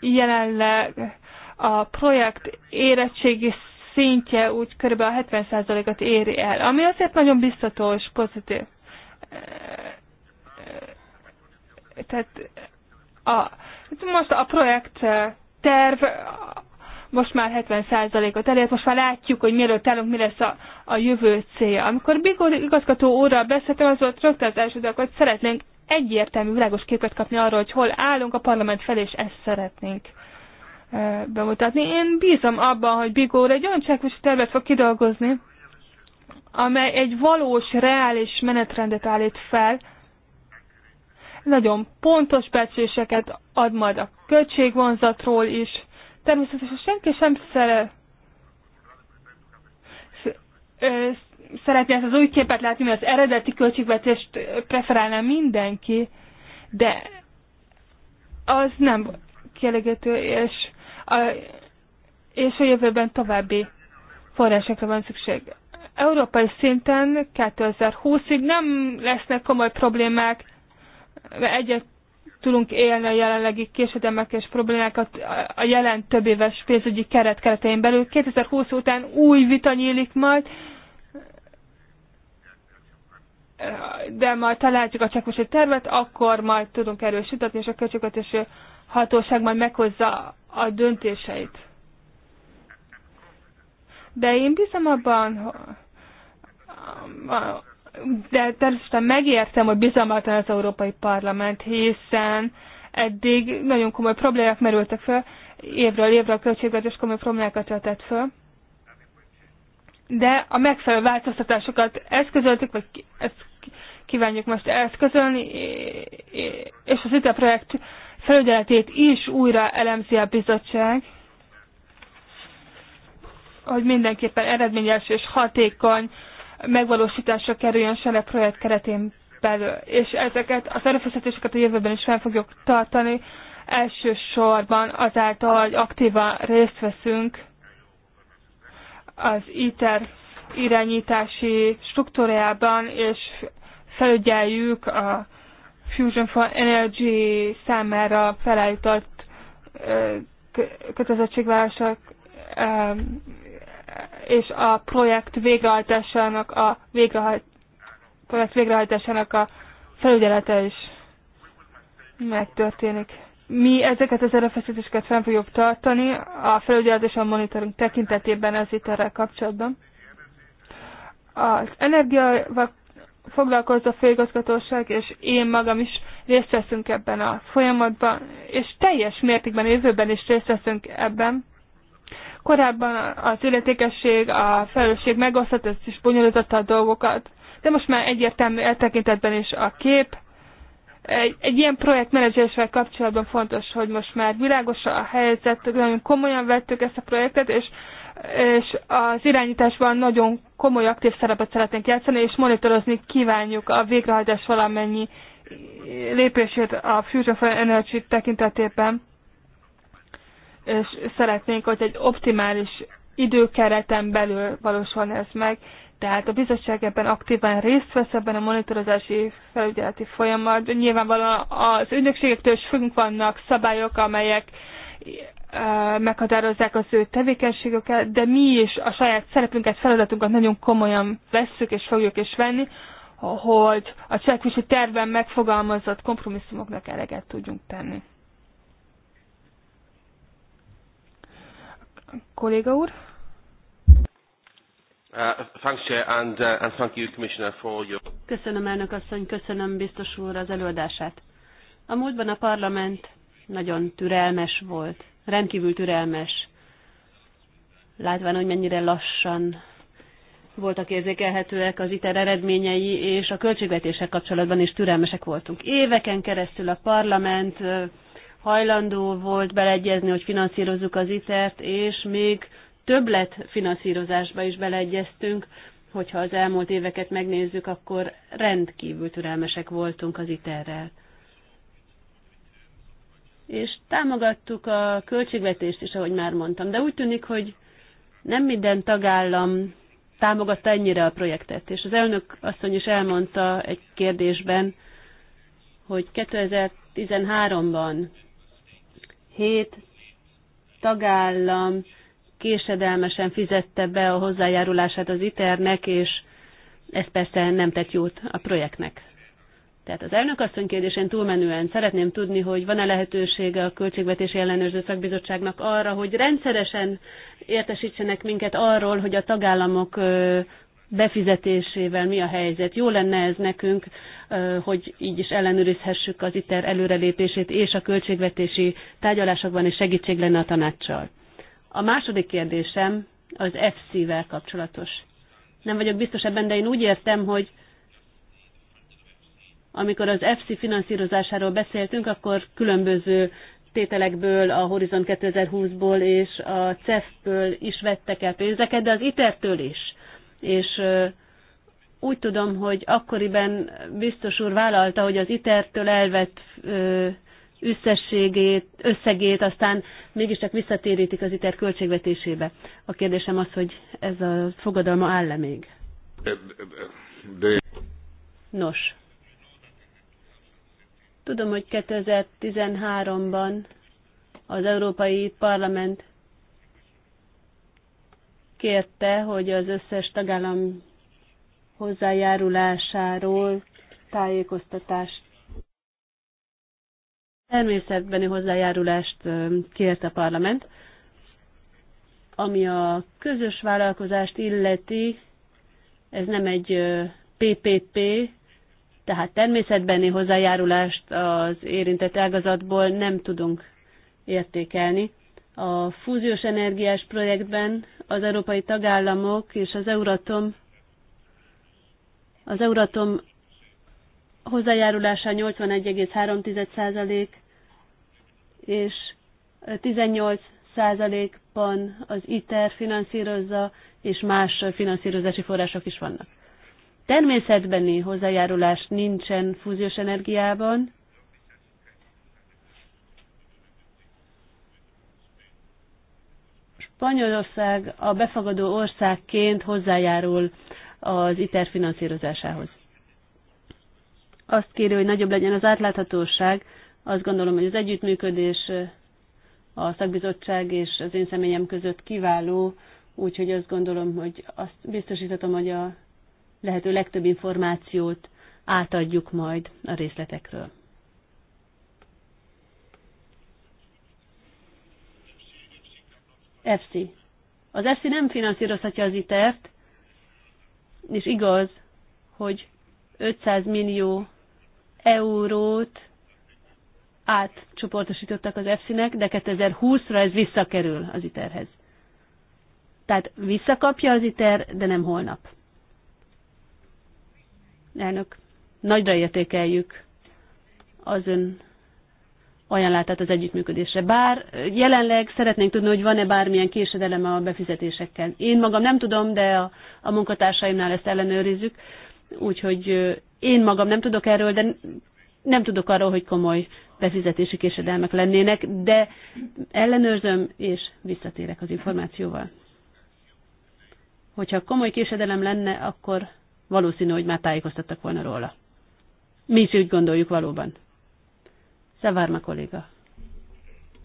jelenleg a projekt érettségi szintje úgy kb. a 70%-at éri el, ami azért nagyon biztató és pozitív. Tehát a, most a projekt terv most már 70%-ot elért, most már látjuk, hogy mielőtt állunk, mi lesz a, a jövő célja. Amikor Bigor igazgató óra, beszéltem, az volt rögtön az első, hogy szeretnénk egyértelmű, világos képet kapni arról, hogy hol állunk a parlament felé, és ezt szeretnénk bemutatni. Én bízom abban, hogy Bigóra egy olyan cselekvési tervet fog kidolgozni, amely egy valós, reális menetrendet állít fel, nagyon pontos becsléseket ad majd a költségvonzatról is, Természetesen senki sem szere, szeretné ezt az új képet látni, mert az eredeti költségvetést preferálná mindenki, de az nem kielégető, és a, és a jövőben további forrásokra van szükség. Európai szinten 2020-ig nem lesznek komoly problémák, egyet tudunk élni a jelenlegi késedemek és problémákat a jelen több éves pénzügyi keret keretein belül. 2020 után új vita nyílik majd, de majd találjuk a csekkosi tervet, akkor majd tudunk erről sütatni, és a a hatóság majd meghozza a döntéseit. De én bízom abban, de természetesen megértem, hogy bizalmatlan az Európai Parlament, hiszen eddig nagyon komoly problémák merültek fel, évről évre a költségvetés komoly problémákat vetett fel. De a megfelelő változtatásokat eszközöltük, vagy ezt kívánjuk most eszközölni, és az ITA projekt felügyeletét is újra elemzi a bizottság, hogy mindenképpen eredményes és hatékony megvalósításra kerüljön Sele projekt keretén belül. És ezeket az erőfeszítéseket a jövőben is fel fogjuk tartani, elsősorban azáltal, hogy aktívan részt veszünk az ITER irányítási struktúrájában, és felügyeljük a Fusion for Energy számára felállított kötelezettségvállalások és a projekt végrehajtásának a végrehajt, projekt végrehajtásának a felügyelete is megtörténik. Mi ezeket az erőfeszítéseket fenn fogjuk tartani a felügyelet és a monitoring tekintetében az ételrel kapcsolatban. Az energiával foglalkozó főigazgatóság, és én magam is részt veszünk ebben a folyamatban, és teljes mértékben jövőben is részt veszünk ebben. Korábban az illetékesség, a felelősség megosztott, ezt is bonyolította a dolgokat, de most már egyértelmű eltekintetben is a kép. Egy, egy ilyen projektmenedzsésvel kapcsolatban fontos, hogy most már világos a helyzet, nagyon komolyan vettük ezt a projektet, és és az irányításban nagyon komoly aktív szerepet szeretnénk játszani, és monitorozni kívánjuk a végrehajtás valamennyi lépését a Fusion for Energy tekintetében és szeretnénk, hogy egy optimális időkereten belül valósulna ez meg. Tehát a bizottság ebben aktívan részt vesz ebben a monitorozási felügyeleti folyamat. Nyilvánvalóan az ügynökségektől is függ vannak szabályok, amelyek meghatározzák az ő tevékenységüket, de mi is a saját szerepünket, feladatunkat nagyon komolyan vesszük és fogjuk is venni, hogy a cselekvési tervben megfogalmazott kompromisszumoknak eleget tudjunk tenni. Kolléga úr. Uh, uh, köszönöm, elnök asszony, köszönöm biztos úr az előadását. A múltban a parlament nagyon türelmes volt, rendkívül türelmes, látván, hogy mennyire lassan voltak érzékelhetőek az ITER eredményei, és a költségvetések kapcsolatban is türelmesek voltunk. Éveken keresztül a parlament hajlandó volt beleegyezni, hogy finanszírozzuk az ITER-t, és még többlet finanszírozásba is beleegyeztünk, hogyha az elmúlt éveket megnézzük, akkor rendkívül türelmesek voltunk az iterrel. És támogattuk a költségvetést is, ahogy már mondtam, de úgy tűnik, hogy nem minden tagállam támogatta ennyire a projektet. És az elnök asszony is elmondta egy kérdésben, hogy 2013-ban hét tagállam késedelmesen fizette be a hozzájárulását az ITER-nek, és ez persze nem tett jót a projektnek. Tehát az elnök asszony kérdésén túlmenően szeretném tudni, hogy van-e lehetősége a Költségvetési Ellenőrző Szakbizottságnak arra, hogy rendszeresen értesítsenek minket arról, hogy a tagállamok befizetésével mi a helyzet. Jó lenne ez nekünk, hogy így is ellenőrizhessük az ITER előrelépését és a költségvetési tárgyalásokban, és segítség lenne a tanácssal. A második kérdésem az FC-vel kapcsolatos. Nem vagyok biztos ebben, de én úgy értem, hogy amikor az FC finanszírozásáról beszéltünk, akkor különböző tételekből, a Horizon 2020-ból és a CEF-ből is vettek el pénzeket, de az ITER-től is és úgy tudom, hogy akkoriban biztos úr vállalta, hogy az ITER-től elvett összességét, összegét aztán mégiscsak visszatérítik az ITER költségvetésébe. A kérdésem az, hogy ez a fogadalma áll-e még? De... Nos. Tudom, hogy 2013-ban az Európai Parlament kérte, hogy az összes tagállam hozzájárulásáról tájékoztatást természetbeni hozzájárulást kért a parlament, ami a közös vállalkozást illeti, ez nem egy PPP, tehát természetbeni hozzájárulást az érintett ágazatból nem tudunk értékelni a fúziós energiás projektben az európai tagállamok és az Euratom az Euratom hozzájárulása 81,3% és 18%-ban az ITER finanszírozza, és más finanszírozási források is vannak. Természetbeni hozzájárulás nincsen fúziós energiában, Spanyolország a befogadó országként hozzájárul az ITER finanszírozásához. Azt kéri, hogy nagyobb legyen az átláthatóság. Azt gondolom, hogy az együttműködés a szakbizottság és az én személyem között kiváló, úgyhogy azt gondolom, hogy azt biztosítatom, hogy a lehető legtöbb információt átadjuk majd a részletekről. EFSI. Az EFSI nem finanszírozhatja az ITER-t, e és igaz, hogy 500 millió eurót átcsoportosítottak az EFSI-nek, de 2020-ra ez visszakerül az ITER-hez. Tehát visszakapja az ITER, de nem holnap. Elnök, nagyra értékeljük az ön ajánlátát az együttműködésre. Bár jelenleg szeretnénk tudni, hogy van-e bármilyen késedelem a befizetésekkel. Én magam nem tudom, de a, a munkatársaimnál ezt ellenőrizzük, úgyhogy én magam nem tudok erről, de nem tudok arról, hogy komoly befizetési késedelmek lennének, de ellenőrzöm és visszatérek az információval. Hogyha komoly késedelem lenne, akkor valószínű, hogy már tájékoztattak volna róla. Mi is úgy gondoljuk valóban. Szavárma kolléga.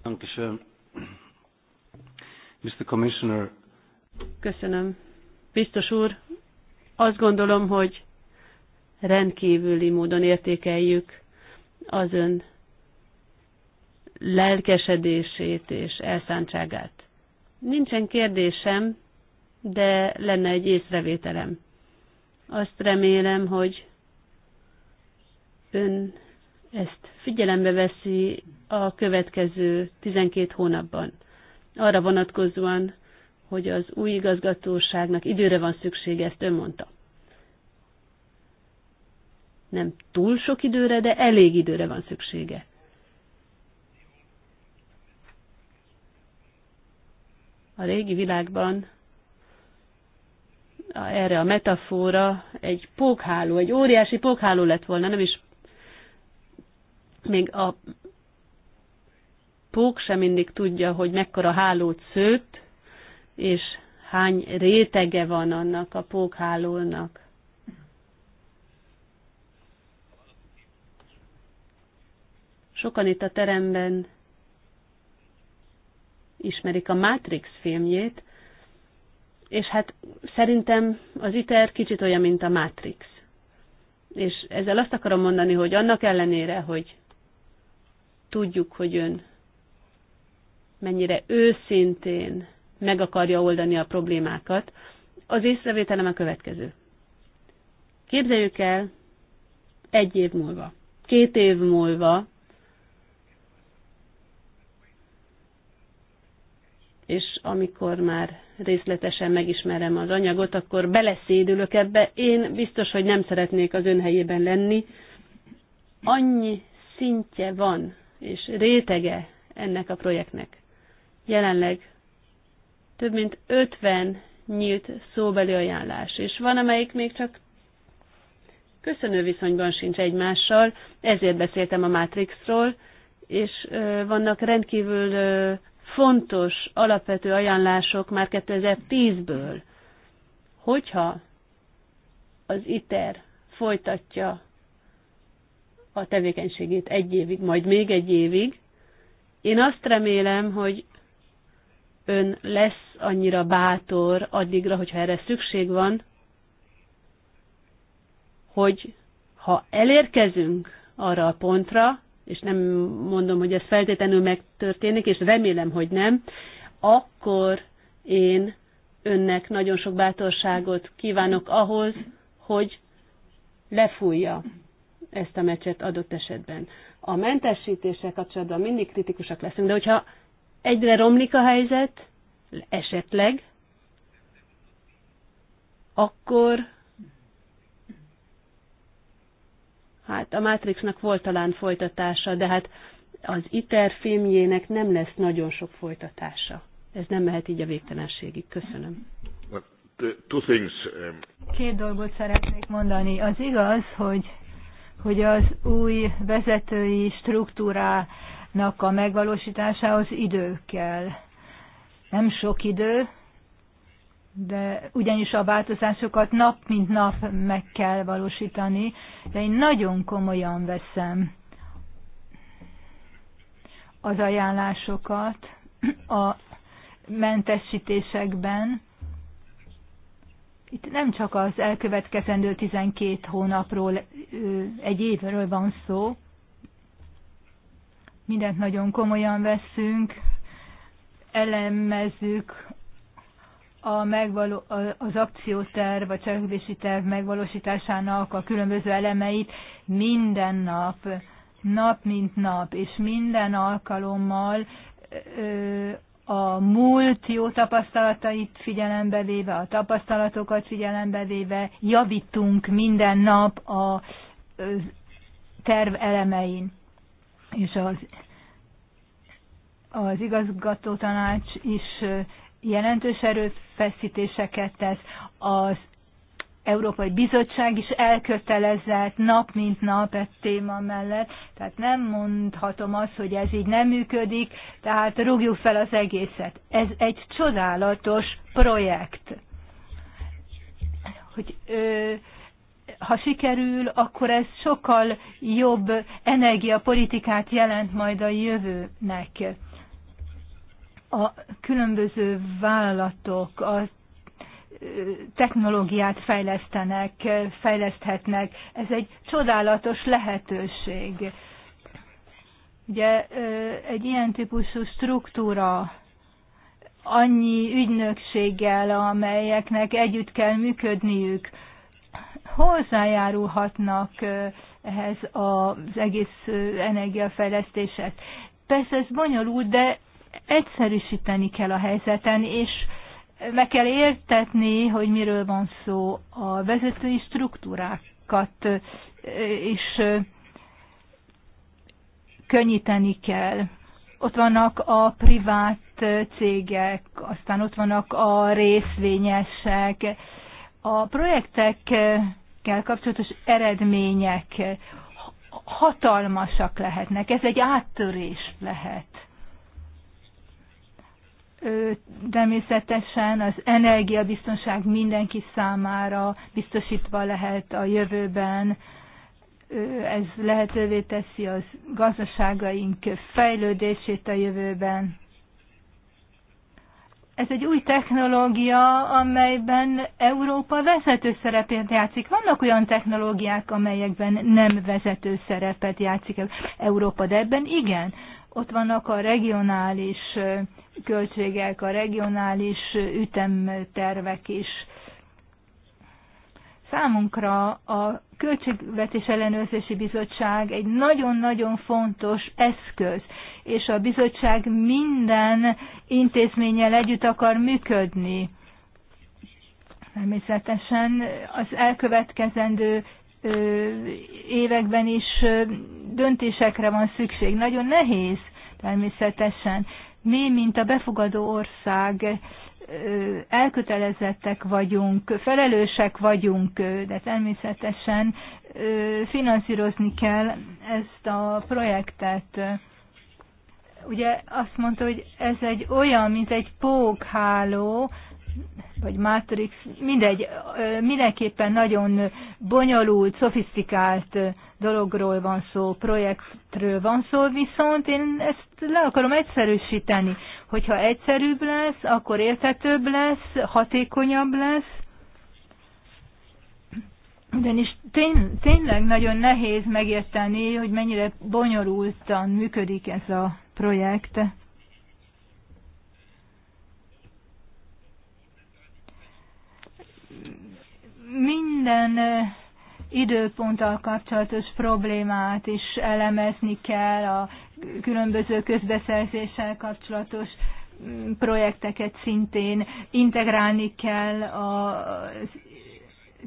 Mr. Commissioner. Köszönöm. Biztos úr, azt gondolom, hogy rendkívüli módon értékeljük az ön lelkesedését és elszántságát. Nincsen kérdésem, de lenne egy észrevételem. Azt remélem, hogy ön ezt figyelembe veszi a következő 12 hónapban. Arra vonatkozóan, hogy az új igazgatóságnak időre van szüksége, ezt ön mondta. Nem túl sok időre, de elég időre van szüksége. A régi világban erre a metafora egy pókháló, egy óriási pókháló lett volna, nem is még a pók sem mindig tudja, hogy mekkora hálót szőtt, és hány rétege van annak a pókhálónak. Sokan itt a teremben ismerik a Matrix filmjét, és hát szerintem az ITER kicsit olyan, mint a Matrix. És ezzel azt akarom mondani, hogy annak ellenére, hogy Tudjuk, hogy ön mennyire őszintén meg akarja oldani a problémákat. Az észrevételem a következő. Képzeljük el egy év múlva, két év múlva, és amikor már részletesen megismerem az anyagot, akkor beleszédülök ebbe. Én biztos, hogy nem szeretnék az ön helyében lenni. Annyi szintje van és rétege ennek a projektnek. Jelenleg több mint 50 nyílt szóbeli ajánlás, és van, amelyik még csak köszönő viszonyban sincs egymással, ezért beszéltem a Matrixról, és vannak rendkívül fontos, alapvető ajánlások már 2010-ből, hogyha az ITER folytatja a tevékenységét egy évig, majd még egy évig. Én azt remélem, hogy ön lesz annyira bátor addigra, hogyha erre szükség van, hogy ha elérkezünk arra a pontra, és nem mondom, hogy ez feltétlenül megtörténik, és remélem, hogy nem, akkor én önnek nagyon sok bátorságot kívánok ahhoz, hogy lefújja ezt a meccset adott esetben. A mentesítések kapcsolatban mindig kritikusak leszünk, de hogyha egyre romlik a helyzet, esetleg, akkor hát a Matrixnak volt talán folytatása, de hát az ITER filmjének nem lesz nagyon sok folytatása. Ez nem mehet így a végtelenségig. Köszönöm. Two things. Um, Két dolgot szeretnék mondani. Az igaz, hogy hogy az új vezetői struktúrának a megvalósításához idő kell. Nem sok idő, de ugyanis a változásokat nap mint nap meg kell valósítani, de én nagyon komolyan veszem az ajánlásokat a mentesítésekben, itt nem csak az elkövetkezendő 12 hónapról, egy évről van szó. Mindent nagyon komolyan veszünk, elemezzük a megvaló, az akcióterv, vagy cselekvési terv megvalósításának a különböző elemeit minden nap, nap mint nap, és minden alkalommal a múlt jó tapasztalatait figyelembe véve, a tapasztalatokat figyelembe véve javítunk minden nap a terv elemein. És az, az igazgató tanács is jelentős erőfeszítéseket tesz. Az Európai Bizottság is elkötelezett nap mint nap egy téma mellett, tehát nem mondhatom azt, hogy ez így nem működik, tehát rúgjuk fel az egészet. Ez egy csodálatos projekt. Hogy ö, ha sikerül, akkor ez sokkal jobb energiapolitikát jelent majd a jövőnek. A különböző vállalatok, a technológiát fejlesztenek, fejleszthetnek. Ez egy csodálatos lehetőség. Ugye egy ilyen típusú struktúra annyi ügynökséggel, amelyeknek együtt kell működniük, hozzájárulhatnak ehhez az egész energiafejlesztéshez. Persze ez bonyolult, de egyszerűsíteni kell a helyzeten, és meg kell értetni, hogy miről van szó a vezetői struktúrákat, és könnyíteni kell. Ott vannak a privát cégek, aztán ott vannak a részvényesek, a projektekkel kapcsolatos eredmények hatalmasak lehetnek. Ez egy áttörés lehet természetesen az energiabiztonság mindenki számára biztosítva lehet a jövőben. Ez lehetővé teszi az gazdaságaink fejlődését a jövőben. Ez egy új technológia, amelyben Európa vezető szerepet játszik. Vannak olyan technológiák, amelyekben nem vezető szerepet játszik Európa, de ebben igen. Ott vannak a regionális költségek, a regionális ütemtervek is. Számunkra a Költségvetés Ellenőrzési Bizottság egy nagyon-nagyon fontos eszköz, és a bizottság minden intézménnyel együtt akar működni. Természetesen az elkövetkezendő években is döntésekre van szükség. Nagyon nehéz természetesen. Mi, mint a befogadó ország, elkötelezettek vagyunk, felelősek vagyunk, de természetesen finanszírozni kell ezt a projektet. Ugye azt mondta, hogy ez egy olyan, mint egy pókháló, vagy Matrix, mindegy, mindenképpen nagyon bonyolult, szofisztikált dologról van szó, projektről van szó, viszont én ezt le akarom egyszerűsíteni. Hogyha egyszerűbb lesz, akkor érthetőbb lesz, hatékonyabb lesz, ugyanis tény, tényleg nagyon nehéz megérteni, hogy mennyire bonyolultan működik ez a projekt. minden időponttal kapcsolatos problémát is elemezni kell, a különböző közbeszerzéssel kapcsolatos mm, projekteket szintén integrálni kell a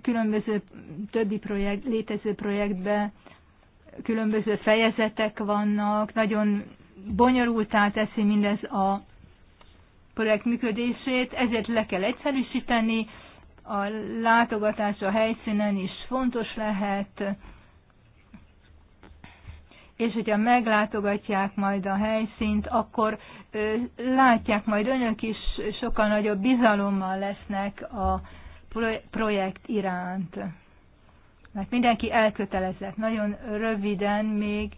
különböző többi projekt, létező projektbe, különböző fejezetek vannak, nagyon bonyolultá teszi mindez a projekt működését, ezért le kell egyszerűsíteni, a látogatás a helyszínen is fontos lehet, és hogyha meglátogatják majd a helyszínt, akkor látják majd önök is, sokkal nagyobb bizalommal lesznek a projekt iránt. Mert mindenki elkötelezett. Nagyon röviden még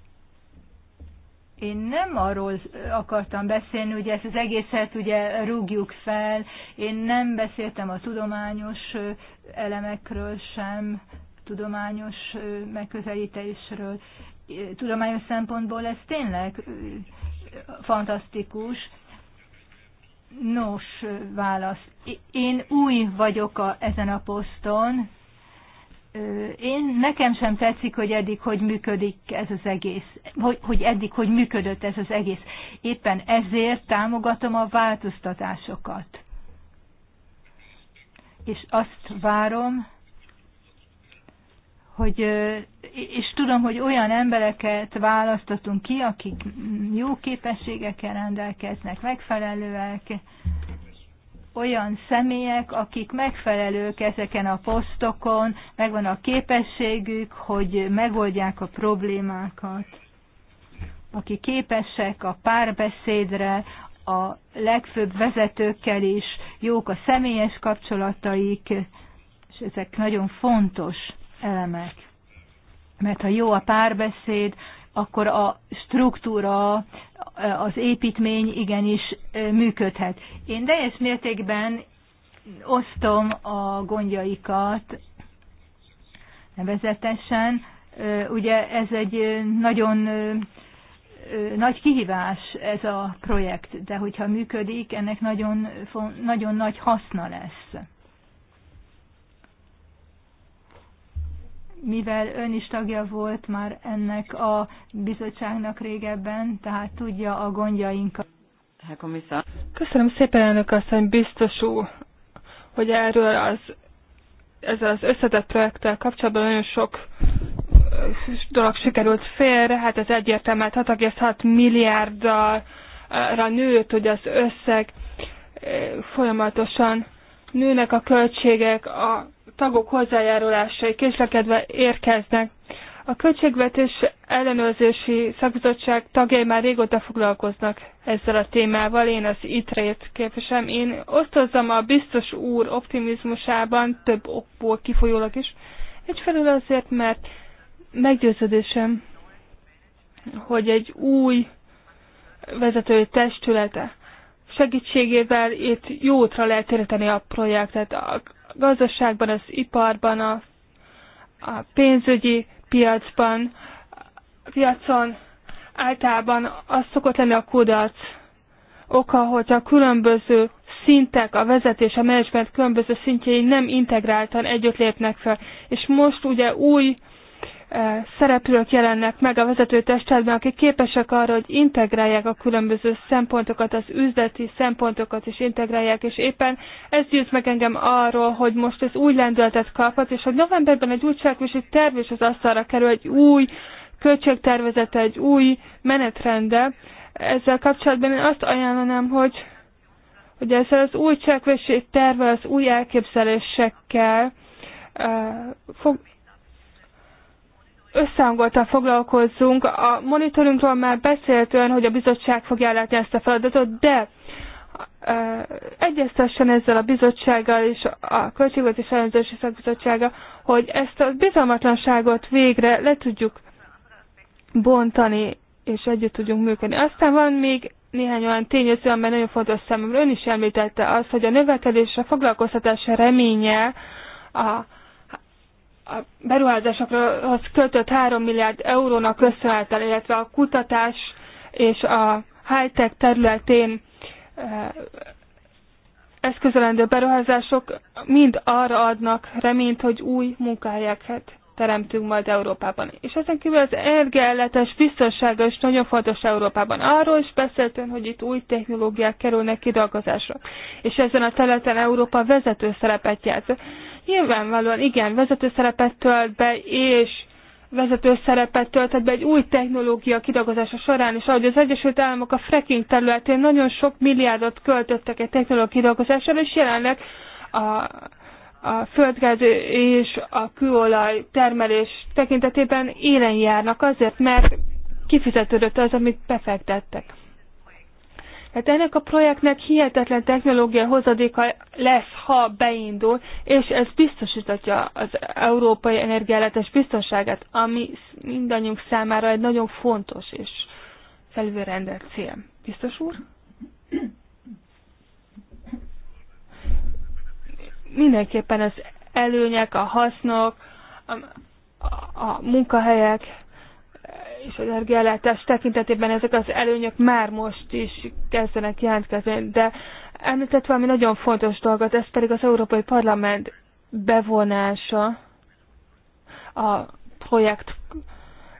én nem arról akartam beszélni, ugye ezt az egészet ugye rúgjuk fel, én nem beszéltem a tudományos elemekről sem, tudományos megközelítésről. Tudományos szempontból ez tényleg fantasztikus. Nos, válasz. Én új vagyok a, ezen a poszton, én nekem sem tetszik, hogy eddig hogy működik ez az egész, hogy, hogy eddig hogy működött ez az egész. Éppen ezért támogatom a változtatásokat. És azt várom, hogy, és tudom, hogy olyan embereket választatunk ki, akik jó képességekkel rendelkeznek, megfelelőek, olyan személyek, akik megfelelők ezeken a posztokon, megvan a képességük, hogy megoldják a problémákat, akik képesek a párbeszédre, a legfőbb vezetőkkel is, jók a személyes kapcsolataik, és ezek nagyon fontos elemek. Mert ha jó a párbeszéd, akkor a struktúra, az építmény igenis működhet. Én teljes mértékben osztom a gondjaikat, nevezetesen. Ugye ez egy nagyon nagy kihívás ez a projekt, de hogyha működik, ennek nagyon, nagyon nagy haszna lesz. mivel ön is tagja volt már ennek a bizottságnak régebben, tehát tudja a gondjainkat. Köszönöm szépen, elnök asszony, biztos úr, hogy erről az, ezzel az összetett projekttel kapcsolatban nagyon sok dolog sikerült félre, hát ez egyértelműen 6,6 milliárdra nőtt, hogy az összeg folyamatosan nőnek a költségek, a tagok hozzájárulásai késlekedve érkeznek. A Költségvetés Ellenőrzési Szakbizottság tagjai már régóta foglalkoznak ezzel a témával, én az ITRE-t képvisem. Én osztozom a biztos úr optimizmusában több okból kifolyólag is. Egyfelől azért, mert meggyőződésem, hogy egy új vezetői testülete segítségével itt jótra lehet érteni a projektet. A gazdaságban, az iparban, a, a pénzügyi piacban, a piacon általában az szokott lenni a kudarc oka, hogy a különböző szintek, a vezetés, a menedzsment különböző szintjei nem integráltan együtt lépnek fel. És most ugye új uh, szereplők jelennek meg a vezető testületben, akik képesek arra, hogy integrálják a különböző szempontokat, az üzleti szempontokat is integrálják, és éppen ez győz meg engem arról, hogy most ez új lendületet kaphat, és hogy novemberben egy új cselekvési terv is az asztalra kerül, egy új költségtervezete, egy új menetrende. Ezzel kapcsolatban én azt ajánlanám, hogy, hogy ezzel az új cselekvési tervvel, az új elképzelésekkel fog, összehangoltan foglalkozzunk. A monitorunkról már beszélt ön, hogy a bizottság fogja látni ezt a feladatot, de egyeztessen ezzel a bizottsággal és a Költségvetés Ellenzési Szakbizottsága, hogy ezt a bizalmatlanságot végre le tudjuk bontani, és együtt tudjunk működni. Aztán van még néhány olyan tényező, amely nagyon fontos számomra. Ön is említette azt, hogy a növekedés, a foglalkoztatás reménye a a beruházásokhoz költött 3 milliárd eurónak köszönhetően, illetve a kutatás és a high-tech területén eh, eszközölendő beruházások mind arra adnak reményt, hogy új munkahelyeket teremtünk majd Európában. És ezen kívül az energiaelletes biztonsága is nagyon fontos Európában. Arról is beszéltünk, hogy itt új technológiák kerülnek kidolgozásra. És ezen a területen Európa vezető szerepet játszik nyilvánvalóan igen, vezető szerepet tölt be, és vezető szerepet tölt, be egy új technológia kidolgozása során, és ahogy az Egyesült Államok a fracking területén nagyon sok milliárdot költöttek egy technológia kidolgozására, és jelenleg a, a földgáz és a kőolaj termelés tekintetében élen járnak azért, mert kifizetődött az, amit befektettek. Hát ennek a projektnek hihetetlen technológia hozadéka lesz, ha beindul, és ez biztosítatja az európai energiállátás biztonságát, ami mindannyiunk számára egy nagyon fontos és felülrendelt cél. Biztos úr? Mindenképpen az előnyek, a hasznok, a, a munkahelyek, és energiállátás tekintetében ezek az előnyök már most is kezdenek jelentkezni, de említett valami nagyon fontos dolgot, ez pedig az Európai Parlament bevonása a projekt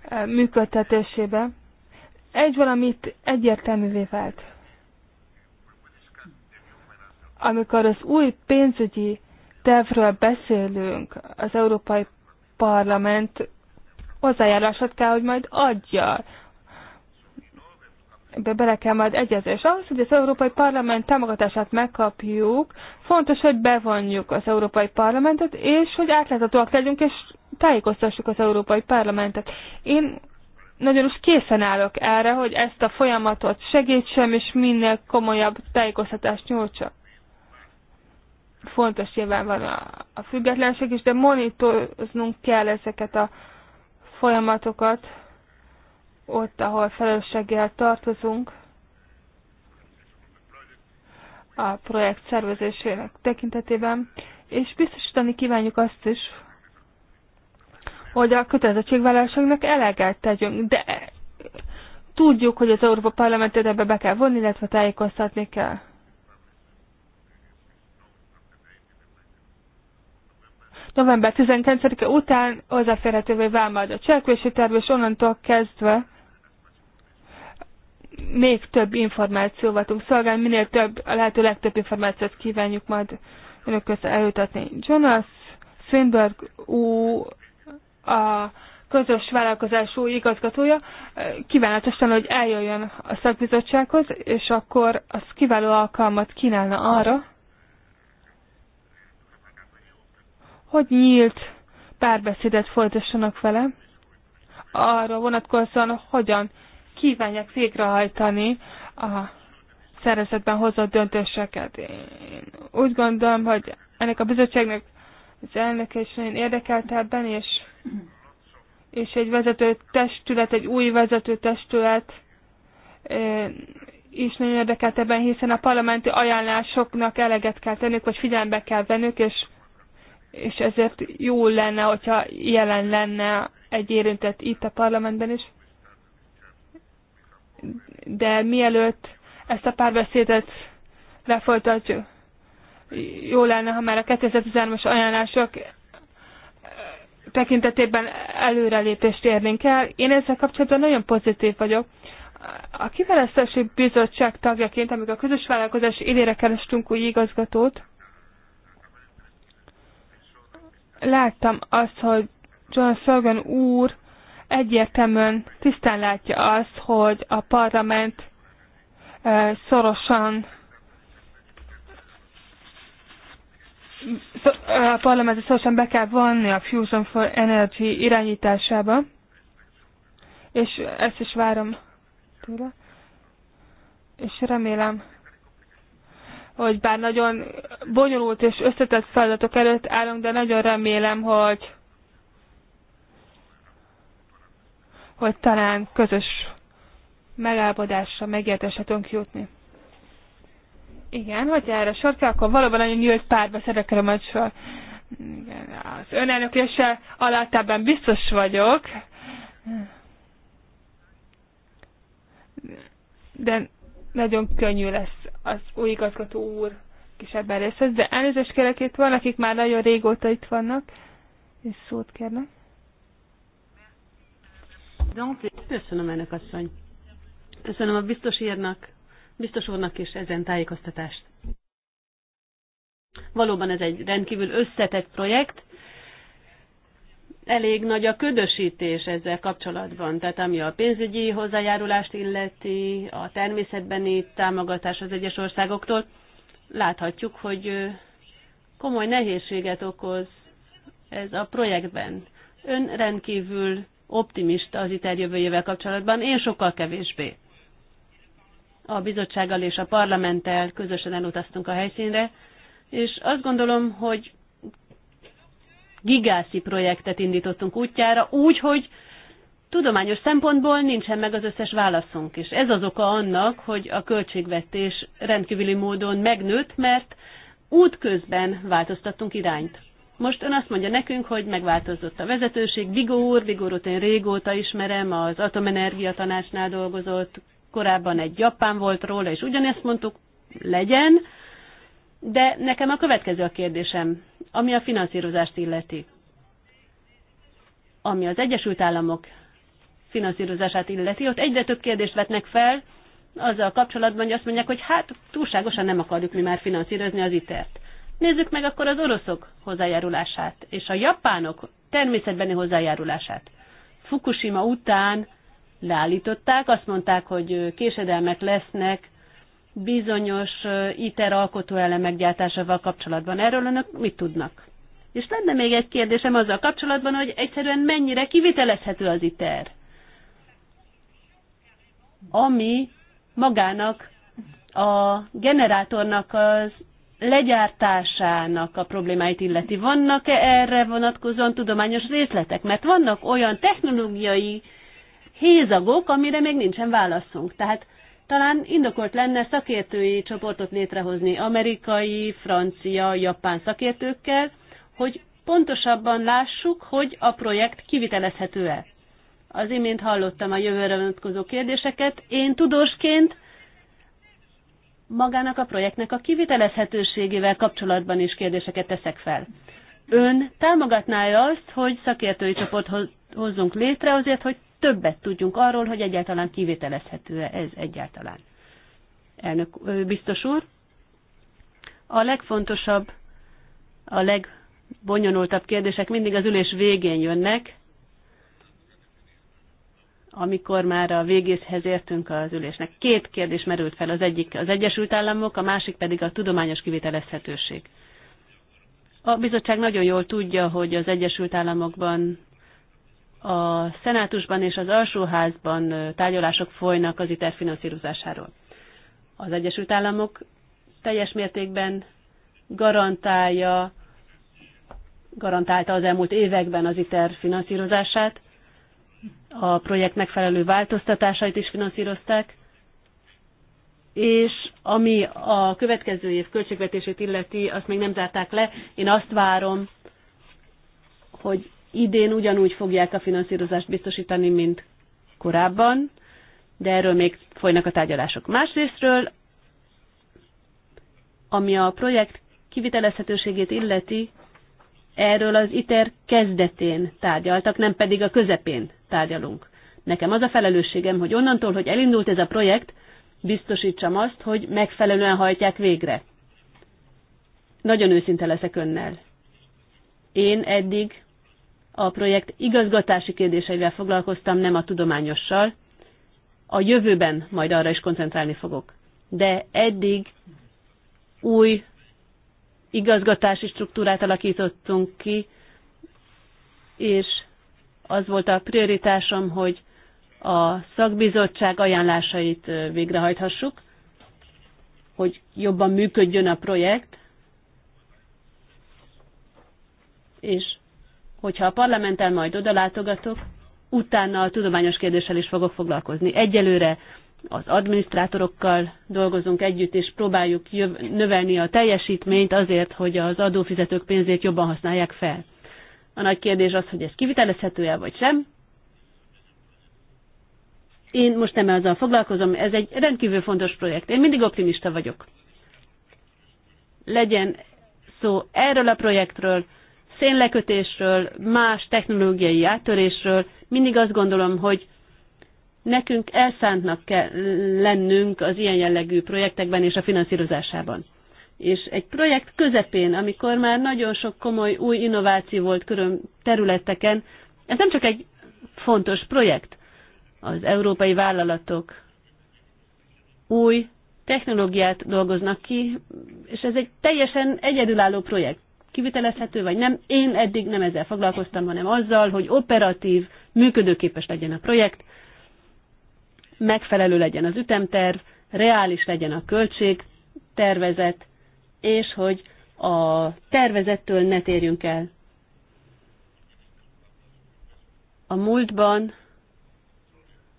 eh, működtetésébe. Egy valamit egyértelművé vált. Amikor az új pénzügyi tervről beszélünk, az Európai Parlament hozzájárulásod kell, hogy majd adja. Ebbe bele kell majd egyezés. Ahhoz, hogy az Európai Parlament támogatását megkapjuk, fontos, hogy bevonjuk az Európai Parlamentet, és hogy átláthatóak legyünk, és tájékoztassuk az Európai Parlamentet. Én nagyon is készen állok erre, hogy ezt a folyamatot segítsem, és minél komolyabb tájékoztatást nyújtsak. Fontos van a függetlenség is, de monitoroznunk kell ezeket a folyamatokat ott, ahol felelősséggel tartozunk a projekt szervezésének tekintetében, és biztosítani kívánjuk azt is, hogy a kötelezettségvállalásoknak eleget tegyünk, de tudjuk, hogy az Európa Parlamentet ebbe be kell vonni, illetve tájékoztatni kell. november 19-e után hozzáférhetővé vál majd a cselekvési terv, és onnantól kezdve még több információval tudunk szolgálni, minél több, a lehető legtöbb információt kívánjuk majd önök közt eljutatni. Jonas Swinberg ú, a közös vállalkozás új igazgatója, kívánatosan, hogy eljöjjön a szakbizottsághoz, és akkor az kiváló alkalmat kínálna arra, hogy nyílt párbeszédet folytassanak vele, arról vonatkozóan, hogyan kívánják végrehajtani a szervezetben hozott döntéseket. Én úgy gondolom, hogy ennek a bizottságnak az elnöke is nagyon érdekelt ebben, és, és egy vezető testület, egy új vezető testület is nagyon érdekelt ebben, hiszen a parlamenti ajánlásoknak eleget kell tennük, vagy figyelembe kell vennük, és és ezért jó lenne, hogyha jelen lenne egy érintett itt a parlamentben is. De mielőtt ezt a párbeszédet lefolytatjuk, jó lenne, ha már a 2013-as ajánlások tekintetében előrelépést érnénk el. Én ezzel kapcsolatban nagyon pozitív vagyok. A kiválasztási bizottság tagjaként, amikor a közös vállalkozás élére kerestünk új igazgatót, láttam azt, hogy John Szolgan úr egyértelműen tisztán látja azt, hogy a parlament szorosan a parlamentet szorosan be kell vonni a Fusion for Energy irányításába, és ezt is várom tőle, és remélem, hogy bár nagyon bonyolult és összetett feladatok előtt állunk, de nagyon remélem, hogy hogy talán közös megállapodásra, megértésre tudunk jutni. Igen, hogy erre sor kell, akkor valóban nagyon nyílt párbeszédre kerül majd sor. Igen, az és alattában biztos vagyok. De nagyon könnyű lesz az új igazgató úr is ebben de elnézést kérek, itt van, akik már nagyon régóta itt vannak, és szót kérnek. Köszönöm, elnök asszony. Köszönöm a biztos írnak, biztos úrnak is ezen tájékoztatást. Valóban ez egy rendkívül összetett projekt, elég nagy a ködösítés ezzel kapcsolatban, tehát ami a pénzügyi hozzájárulást illeti, a természetbeni támogatás az egyes országoktól, láthatjuk, hogy komoly nehézséget okoz ez a projektben. Ön rendkívül optimista az ITER jövőjével kapcsolatban, én sokkal kevésbé. A bizottsággal és a parlamenttel közösen elutaztunk a helyszínre, és azt gondolom, hogy gigászi projektet indítottunk útjára, úgy, hogy tudományos szempontból nincsen meg az összes válaszunk is. Ez az oka annak, hogy a költségvetés rendkívüli módon megnőtt, mert útközben változtattunk irányt. Most ön azt mondja nekünk, hogy megváltozott a vezetőség. Vigó úr, Vigórót én régóta ismerem, az Atomenergia Tanácsnál dolgozott, korábban egy japán volt róla, és ugyanezt mondtuk, legyen, de nekem a következő a kérdésem, ami a finanszírozást illeti. Ami az Egyesült Államok finanszírozását illeti, ott egyre több kérdést vetnek fel, azzal kapcsolatban, hogy azt mondják, hogy hát túlságosan nem akarjuk mi már finanszírozni az ITER-t. E Nézzük meg akkor az oroszok hozzájárulását, és a japánok természetbeni hozzájárulását. Fukushima után leállították, azt mondták, hogy késedelmek lesznek bizonyos ITER alkotóelemek gyártásával kapcsolatban. Erről önök mit tudnak? És lenne még egy kérdésem azzal kapcsolatban, hogy egyszerűen mennyire kivitelezhető az ITER, ami magának a generátornak az legyártásának a problémáit illeti. Vannak-e erre vonatkozóan tudományos részletek? Mert vannak olyan technológiai hézagok, amire még nincsen válaszunk. Tehát talán indokolt lenne szakértői csoportot létrehozni amerikai, francia, japán szakértőkkel, hogy pontosabban lássuk, hogy a projekt kivitelezhető-e. Az imént hallottam a jövőre vonatkozó kérdéseket. Én tudósként magának a projektnek a kivitelezhetőségével kapcsolatban is kérdéseket teszek fel. Ön támogatná -e azt, hogy szakértői csoport hozzunk létre azért, hogy többet tudjunk arról, hogy egyáltalán kivitelezhető-e ez egyáltalán. Elnök biztos úr, a legfontosabb, a legbonyolultabb kérdések mindig az ülés végén jönnek, amikor már a végészhez értünk az ülésnek. Két kérdés merült fel, az egyik az Egyesült Államok, a másik pedig a tudományos kivitelezhetőség. A bizottság nagyon jól tudja, hogy az Egyesült Államokban a szenátusban és az alsóházban tárgyalások folynak az ITER finanszírozásáról. Az Egyesült Államok teljes mértékben garantálja, garantálta az elmúlt években az ITER finanszírozását, a projekt megfelelő változtatásait is finanszírozták, és ami a következő év költségvetését illeti, azt még nem zárták le. Én azt várom, hogy idén ugyanúgy fogják a finanszírozást biztosítani, mint korábban, de erről még folynak a tárgyalások. Másrésztről, ami a projekt kivitelezhetőségét illeti, erről az ITER kezdetén tárgyaltak, nem pedig a közepén tárgyalunk. Nekem az a felelősségem, hogy onnantól, hogy elindult ez a projekt, biztosítsam azt, hogy megfelelően hajtják végre. Nagyon őszinte leszek önnel. Én eddig a projekt igazgatási kérdéseivel foglalkoztam, nem a tudományossal. A jövőben majd arra is koncentrálni fogok. De eddig új igazgatási struktúrát alakítottunk ki, és az volt a prioritásom, hogy a szakbizottság ajánlásait végrehajthassuk, hogy jobban működjön a projekt, és hogyha a parlamenttel majd oda látogatok, utána a tudományos kérdéssel is fogok foglalkozni. Egyelőre az adminisztrátorokkal dolgozunk együtt, és próbáljuk növelni a teljesítményt azért, hogy az adófizetők pénzét jobban használják fel. A nagy kérdés az, hogy ez kivitelezhető-e vagy sem. Én most nem ezzel foglalkozom, ez egy rendkívül fontos projekt. Én mindig optimista vagyok. Legyen szó erről a projektről, szénlekötésről, más technológiai áttörésről. Mindig azt gondolom, hogy nekünk elszántnak kell lennünk az ilyen jellegű projektekben és a finanszírozásában. És egy projekt közepén, amikor már nagyon sok komoly új innováció volt körül területeken, ez nem csak egy fontos projekt. Az európai vállalatok új technológiát dolgoznak ki, és ez egy teljesen egyedülálló projekt kivitelezhető, vagy nem. Én eddig nem ezzel foglalkoztam, hanem azzal, hogy operatív, működőképes legyen a projekt, megfelelő legyen az ütemterv, reális legyen a költség, tervezet, és hogy a tervezettől ne térjünk el. A múltban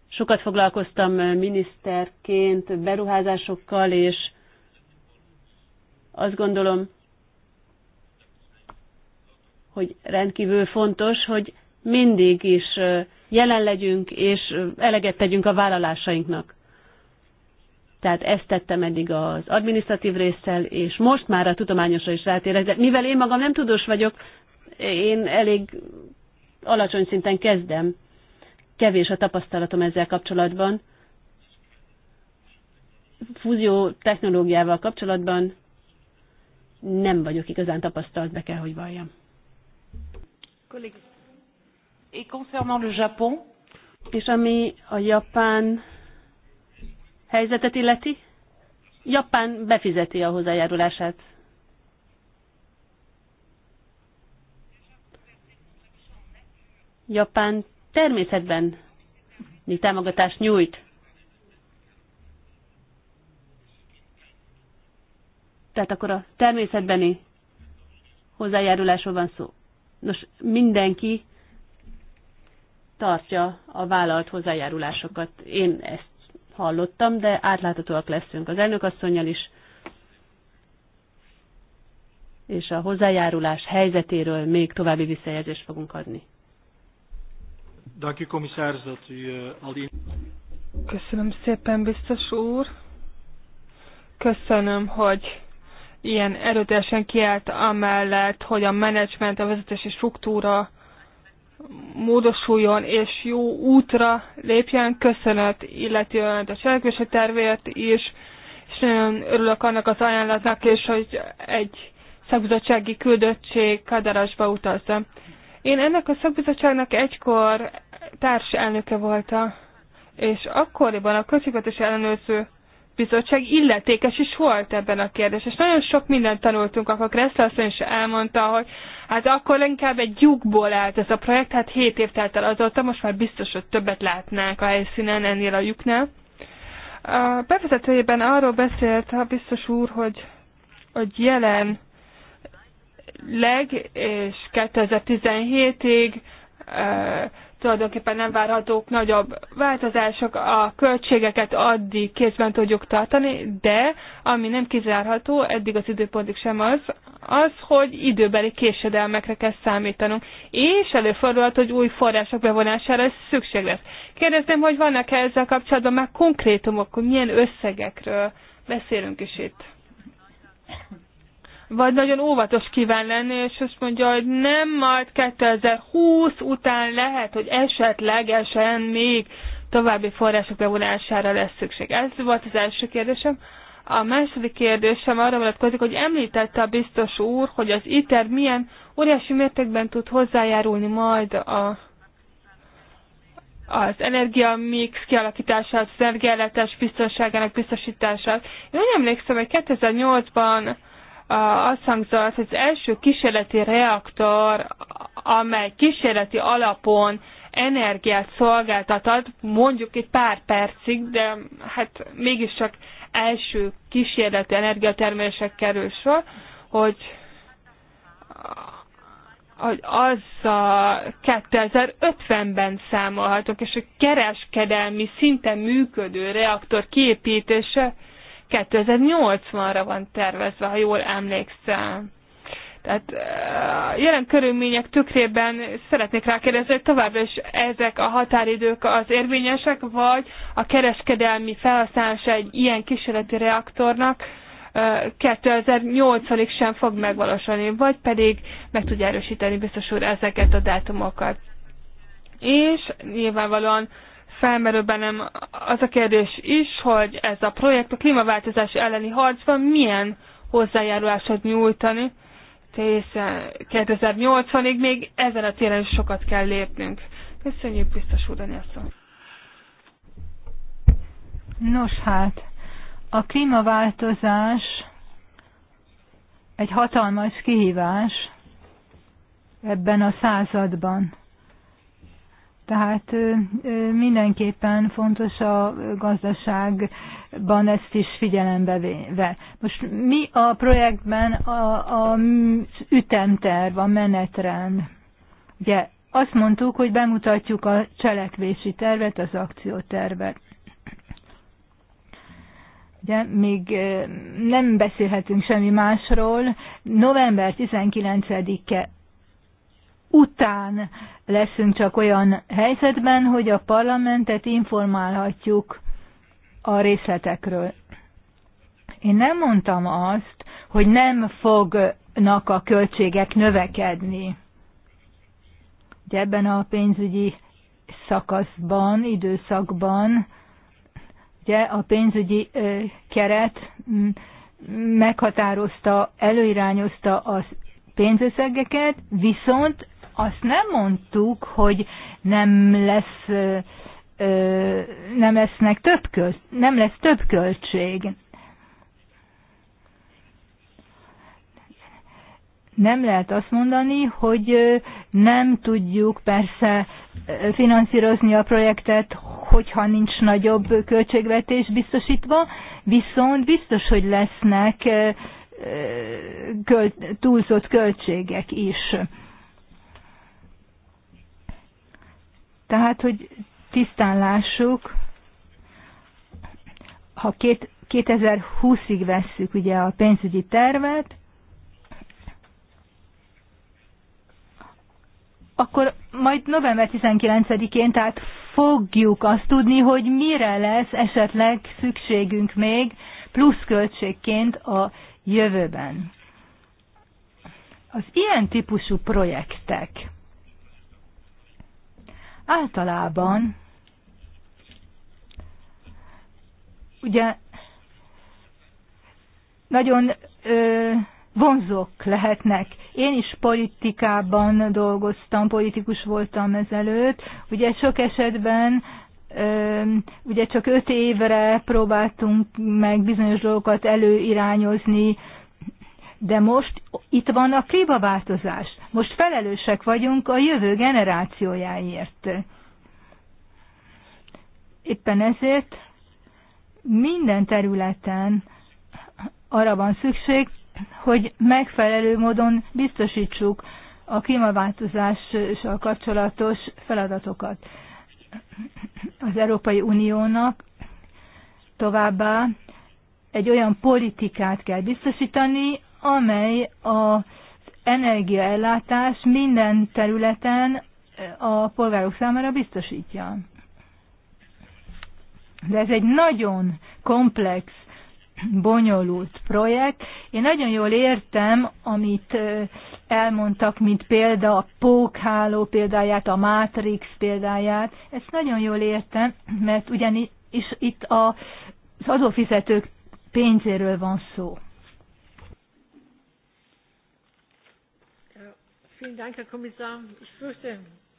sokat foglalkoztam miniszterként beruházásokkal, és azt gondolom, hogy rendkívül fontos, hogy mindig is jelen legyünk, és eleget tegyünk a vállalásainknak. Tehát ezt tettem eddig az administratív résszel, és most már a tudományosra is rátérek, de mivel én magam nem tudós vagyok, én elég alacsony szinten kezdem. Kevés a tapasztalatom ezzel kapcsolatban. Fúzió technológiával kapcsolatban nem vagyok igazán tapasztalt, be kell, hogy valljam. Et concernant le Japon, és ami a japán helyzetet illeti, Japán befizeti a hozzájárulását. Japán természetben mi támogatást nyújt. Tehát akkor a természetbeni hozzájárulásról van szó. Nos, mindenki tartja a vállalt hozzájárulásokat. Én ezt hallottam, de átláthatóak leszünk az elnökasszonyjal is, és a hozzájárulás helyzetéről még további visszajelzést fogunk adni. Eh, Köszönöm szépen, biztos úr. Köszönöm, hogy ilyen erőteljesen kiállt amellett, hogy a menedzsment, a vezetési struktúra módosuljon és jó útra lépjen. Köszönet illetően a cselekvési tervért is, és nagyon örülök annak az ajánlatnak és hogy egy szakbizottsági küldöttség Kadarasba utazza. Én ennek a szakbizottságnak egykor társ elnöke voltam, és akkoriban a költségvetési ellenőrző bizottság illetékes is volt ebben a kérdés, és nagyon sok mindent tanultunk, akkor Kressler asszony is elmondta, hogy hát akkor inkább egy lyukból állt ez a projekt, hát 7 év telt el azóta, most már biztos, hogy többet látnánk a helyszínen ennél a lyuknál. A bevezetőjében arról beszélt a biztos úr, hogy, hogy jelen leg és 2017-ig tulajdonképpen nem várhatók nagyobb változások, a költségeket addig kézben tudjuk tartani, de ami nem kizárható, eddig az időpontig sem az, az, hogy időbeli késedelmekre kell számítanunk, és előfordulhat, hogy új források bevonására ez szükség lesz. Kérdezném, hogy vannak-e ezzel kapcsolatban már konkrétumok, hogy milyen összegekről beszélünk is itt vagy nagyon óvatos kíván lenni, és azt mondja, hogy nem majd 2020 után lehet, hogy esetlegesen még további források bevonására lesz szükség. Ez volt az első kérdésem. A második kérdésem arra vonatkozik, hogy említette a biztos úr, hogy az ITER milyen óriási mértékben tud hozzájárulni majd a, az energiamix kialakítását, az energiállátás biztonságának biztosítását. Én úgy emlékszem, hogy 2008-ban azt hangzott, hogy az első kísérleti reaktor, amely kísérleti alapon energiát szolgáltatott, mondjuk egy pár percig, de hát mégiscsak első kísérleti energiatermelések kerül sor, hogy, hogy az a 2050-ben számolhatok, és a kereskedelmi szinten működő reaktor kiépítése 2080-ra van tervezve, ha jól emlékszem. Tehát jelen körülmények tükrében szeretnék rákérdezni, hogy továbbra is ezek a határidők az érvényesek, vagy a kereskedelmi felhasználása egy ilyen kísérleti reaktornak 2008-ig sem fog megvalósulni, vagy pedig meg tudja erősíteni biztos úr ezeket a dátumokat. És nyilvánvalóan felmerül bennem az a kérdés is, hogy ez a projekt a klímaváltozás elleni harcban milyen hozzájárulásod nyújtani, hiszen 2080-ig még ezen a téren is sokat kell lépnünk. Köszönjük biztos úr, Nos hát, a klímaváltozás egy hatalmas kihívás ebben a században. Tehát mindenképpen fontos a gazdaságban ezt is figyelembe véve. Most mi a projektben a, a ütemterv, a menetrend? Ugye azt mondtuk, hogy bemutatjuk a cselekvési tervet, az akciótervet. Ugye, még nem beszélhetünk semmi másról. November 19-e után leszünk csak olyan helyzetben, hogy a parlamentet informálhatjuk a részletekről. Én nem mondtam azt, hogy nem fognak a költségek növekedni. Ugye ebben a pénzügyi szakaszban, időszakban, ugye a pénzügyi keret meghatározta, előirányozta az pénzösszegeket, viszont azt nem mondtuk, hogy nem lesz nem lesznek több köl, nem lesz több költség. Nem lehet azt mondani, hogy nem tudjuk persze finanszírozni a projektet, hogyha nincs nagyobb költségvetés biztosítva, viszont biztos, hogy lesznek túlzott költségek is. Tehát, hogy tisztán lássuk, ha 2020-ig vesszük ugye a pénzügyi tervet, akkor majd november 19-én, tehát fogjuk azt tudni, hogy mire lesz esetleg szükségünk még plusz költségként a jövőben. Az ilyen típusú projektek Általában ugye nagyon ö, vonzók lehetnek. Én is politikában dolgoztam, politikus voltam ezelőtt. Ugye sok esetben ö, ugye csak öt évre próbáltunk meg bizonyos dolgokat előirányozni, de most itt van a klímaváltozás. Most felelősek vagyunk a jövő generációjáért. Éppen ezért minden területen arra van szükség, hogy megfelelő módon biztosítsuk a klímaváltozással kapcsolatos feladatokat. Az Európai Uniónak továbbá egy olyan politikát kell biztosítani, amely az energiaellátás minden területen eh, a polgárok számára biztosítja. De ez egy nagyon komplex, bonyolult projekt. Én nagyon jól értem, amit eh, elmondtak, mint példa a pókháló példáját, a Matrix példáját. Ezt nagyon jól értem, mert ugyanis itt az adófizetők pénzéről van szó.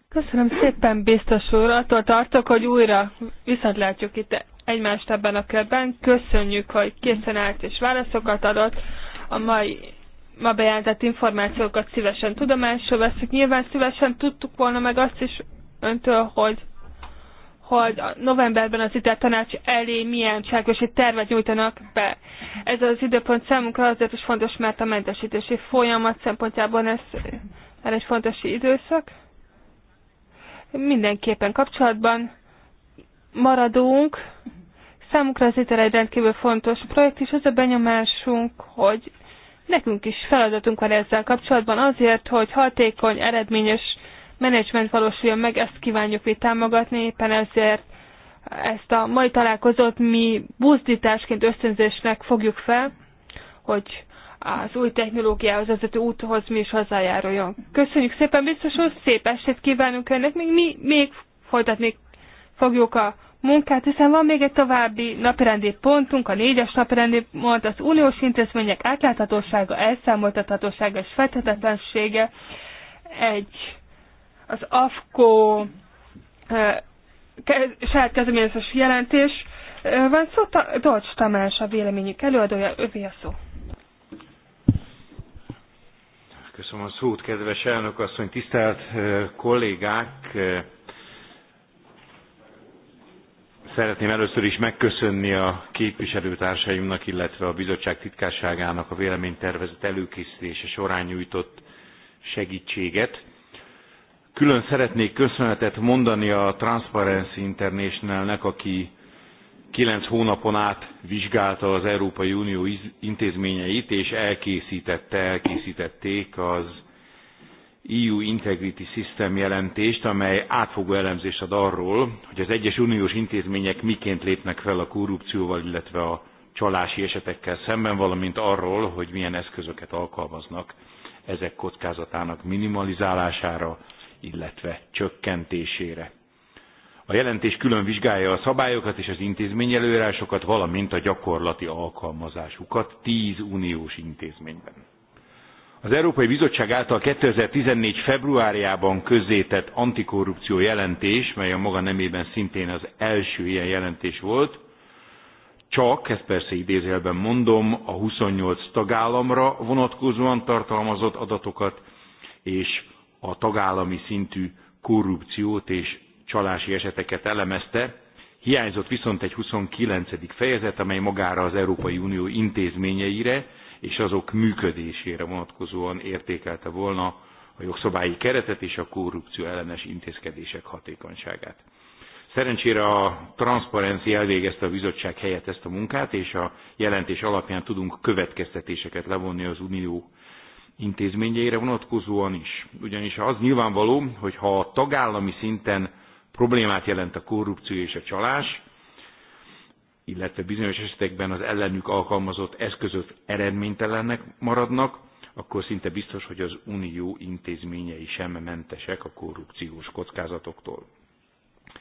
Köszönöm szépen, biztos úr. Attól tartok, hogy újra visszatlátjuk itt egymást ebben a körben. Köszönjük, hogy készen állt és válaszokat adott. A mai ma bejelentett információkat szívesen tudomásul veszük. Nyilván szívesen tudtuk volna meg azt is öntől, hogy hogy novemberben az ITER tanács elé milyen cselekvési tervet nyújtanak be. Ez az időpont számunkra azért is fontos, mert a mentesítési folyamat szempontjából ez ez egy fontos időszak. Mindenképpen kapcsolatban maradunk. Számukra az étel egy rendkívül fontos projekt, és az a benyomásunk, hogy nekünk is feladatunk van ezzel kapcsolatban azért, hogy hatékony, eredményes menedzsment valósuljon meg, ezt kívánjuk mi támogatni, éppen ezért ezt a mai találkozót mi buzdításként, ösztönzésnek fogjuk fel, hogy az új technológiához vezető úthoz mi is hozzájáruljon. Köszönjük szépen, biztos úr, szép estét kívánunk önnek, még mi még folytatni fogjuk a munkát, hiszen van még egy további napirendi pontunk, a négyes napirendi pont, az uniós intézmények átláthatósága, elszámoltathatósága és feltetetlensége. Egy az AFKO e, saját kezdeményezés jelentés. van szó, Dolcs Tamás a véleményük előadója, övé a szó. Köszönöm a szót, kedves elnök asszony, tisztelt eh, kollégák! Eh, szeretném először is megköszönni a képviselőtársaimnak, illetve a bizottság titkárságának a véleménytervezet előkészítése során nyújtott segítséget. Külön szeretnék köszönetet mondani a Transparency Internationalnek, aki kilenc hónapon át vizsgálta az Európai Unió intézményeit, és elkészítette, elkészítették az EU Integrity System jelentést, amely átfogó elemzést ad arról, hogy az egyes uniós intézmények miként lépnek fel a korrupcióval, illetve a csalási esetekkel szemben, valamint arról, hogy milyen eszközöket alkalmaznak ezek kockázatának minimalizálására, illetve csökkentésére. A jelentés külön vizsgálja a szabályokat és az intézmény előírásokat, valamint a gyakorlati alkalmazásukat tíz uniós intézményben. Az Európai Bizottság által 2014. februárjában közzétett antikorrupció jelentés, mely a maga nemében szintén az első ilyen jelentés volt, csak, ezt persze idézőjelben mondom, a 28 tagállamra vonatkozóan tartalmazott adatokat, és a tagállami szintű korrupciót és csalási eseteket elemezte, hiányzott viszont egy 29. fejezet, amely magára az Európai Unió intézményeire és azok működésére vonatkozóan értékelte volna a jogszabályi keretet és a korrupció ellenes intézkedések hatékonyságát. Szerencsére a transzparenci elvégezte a bizottság helyett ezt a munkát, és a jelentés alapján tudunk következtetéseket levonni az Unió intézményeire vonatkozóan is. Ugyanis az nyilvánvaló, hogy ha a tagállami szinten Problémát jelent a korrupció és a csalás, illetve bizonyos esetekben az ellenük alkalmazott eszközök eredménytelennek maradnak, akkor szinte biztos, hogy az unió intézményei sem mentesek a korrupciós kockázatoktól.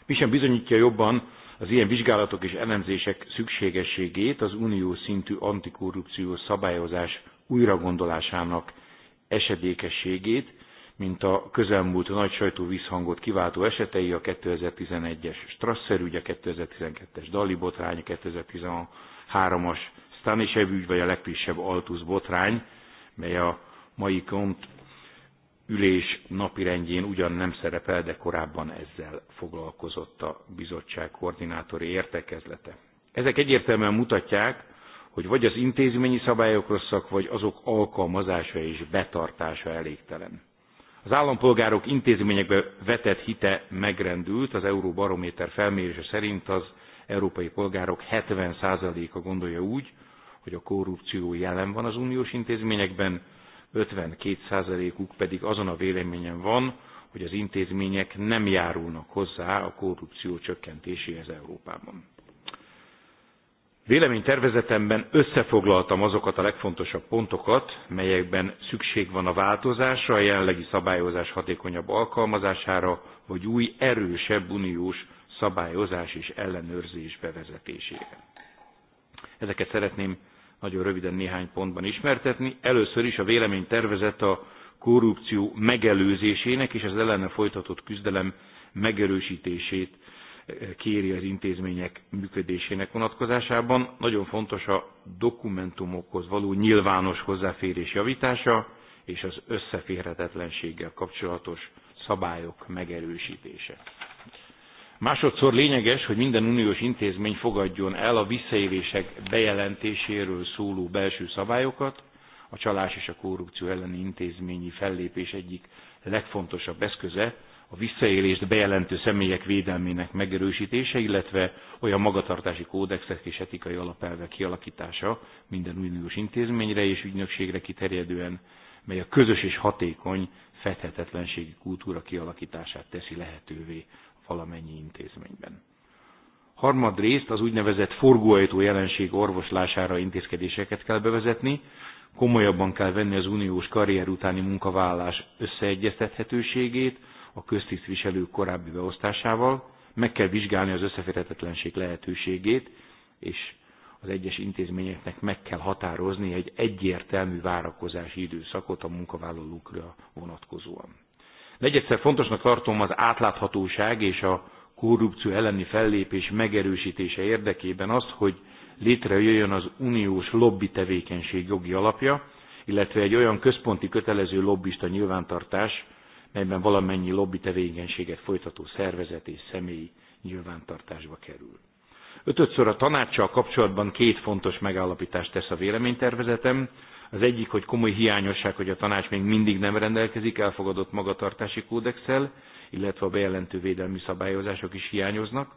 Mi sem bizonyítja jobban az ilyen vizsgálatok és elemzések szükségességét az unió szintű antikorrupciós szabályozás újragondolásának esedékességét, mint a közelmúlt nagy sajtó visszhangot kiváltó esetei, a 2011-es Strasser ügy, a 2012-es Dali botrány, a 2013-as Stanisev ügy, vagy a legfrissebb Altusz botrány, mely a mai kont ülés napirendjén ugyan nem szerepel, de korábban ezzel foglalkozott a bizottság koordinátori értekezlete. Ezek egyértelműen mutatják, hogy vagy az intézményi szabályok rosszak, vagy azok alkalmazása és betartása elégtelen. Az állampolgárok intézményekbe vetett hite megrendült, az Euróbarométer felmérése szerint az európai polgárok 70%-a gondolja úgy, hogy a korrupció jelen van az uniós intézményekben, 52%-uk pedig azon a véleményen van, hogy az intézmények nem járulnak hozzá a korrupció csökkentéséhez Európában. Véleménytervezetemben összefoglaltam azokat a legfontosabb pontokat, melyekben szükség van a változásra, a jelenlegi szabályozás hatékonyabb alkalmazására, vagy új, erősebb uniós szabályozás és ellenőrzés bevezetésére. Ezeket szeretném nagyon röviden néhány pontban ismertetni. Először is a véleménytervezet a korrupció megelőzésének és az ellene folytatott küzdelem megerősítését kéri az intézmények működésének vonatkozásában. Nagyon fontos a dokumentumokhoz való nyilvános hozzáférés javítása és az összeférhetetlenséggel kapcsolatos szabályok megerősítése. Másodszor lényeges, hogy minden uniós intézmény fogadjon el a visszaélések bejelentéséről szóló belső szabályokat, a csalás és a korrupció elleni intézményi fellépés egyik legfontosabb eszköze, a visszaélést bejelentő személyek védelmének megerősítése, illetve olyan magatartási kódexek és etikai alapelvek kialakítása minden uniós intézményre és ügynökségre kiterjedően, mely a közös és hatékony fethetetlenségi kultúra kialakítását teszi lehetővé valamennyi intézményben. Harmadrészt az úgynevezett forgóajtó jelenség orvoslására intézkedéseket kell bevezetni, komolyabban kell venni az uniós karrier utáni munkavállás összeegyeztethetőségét, a köztisztviselők korábbi beosztásával, meg kell vizsgálni az összeférhetetlenség lehetőségét, és az egyes intézményeknek meg kell határozni egy egyértelmű várakozási időszakot a munkavállalókra vonatkozóan. Negyedszer fontosnak tartom az átláthatóság és a korrupció elleni fellépés megerősítése érdekében azt, hogy létrejöjjön az uniós lobby tevékenység jogi alapja, illetve egy olyan központi kötelező lobbista nyilvántartás, melyben valamennyi lobby tevékenységet folytató szervezet és személy nyilvántartásba kerül. Ötödször a tanácssal kapcsolatban két fontos megállapítást tesz a véleménytervezetem. Az egyik, hogy komoly hiányosság, hogy a tanács még mindig nem rendelkezik elfogadott magatartási kódexel, illetve a bejelentő védelmi szabályozások is hiányoznak.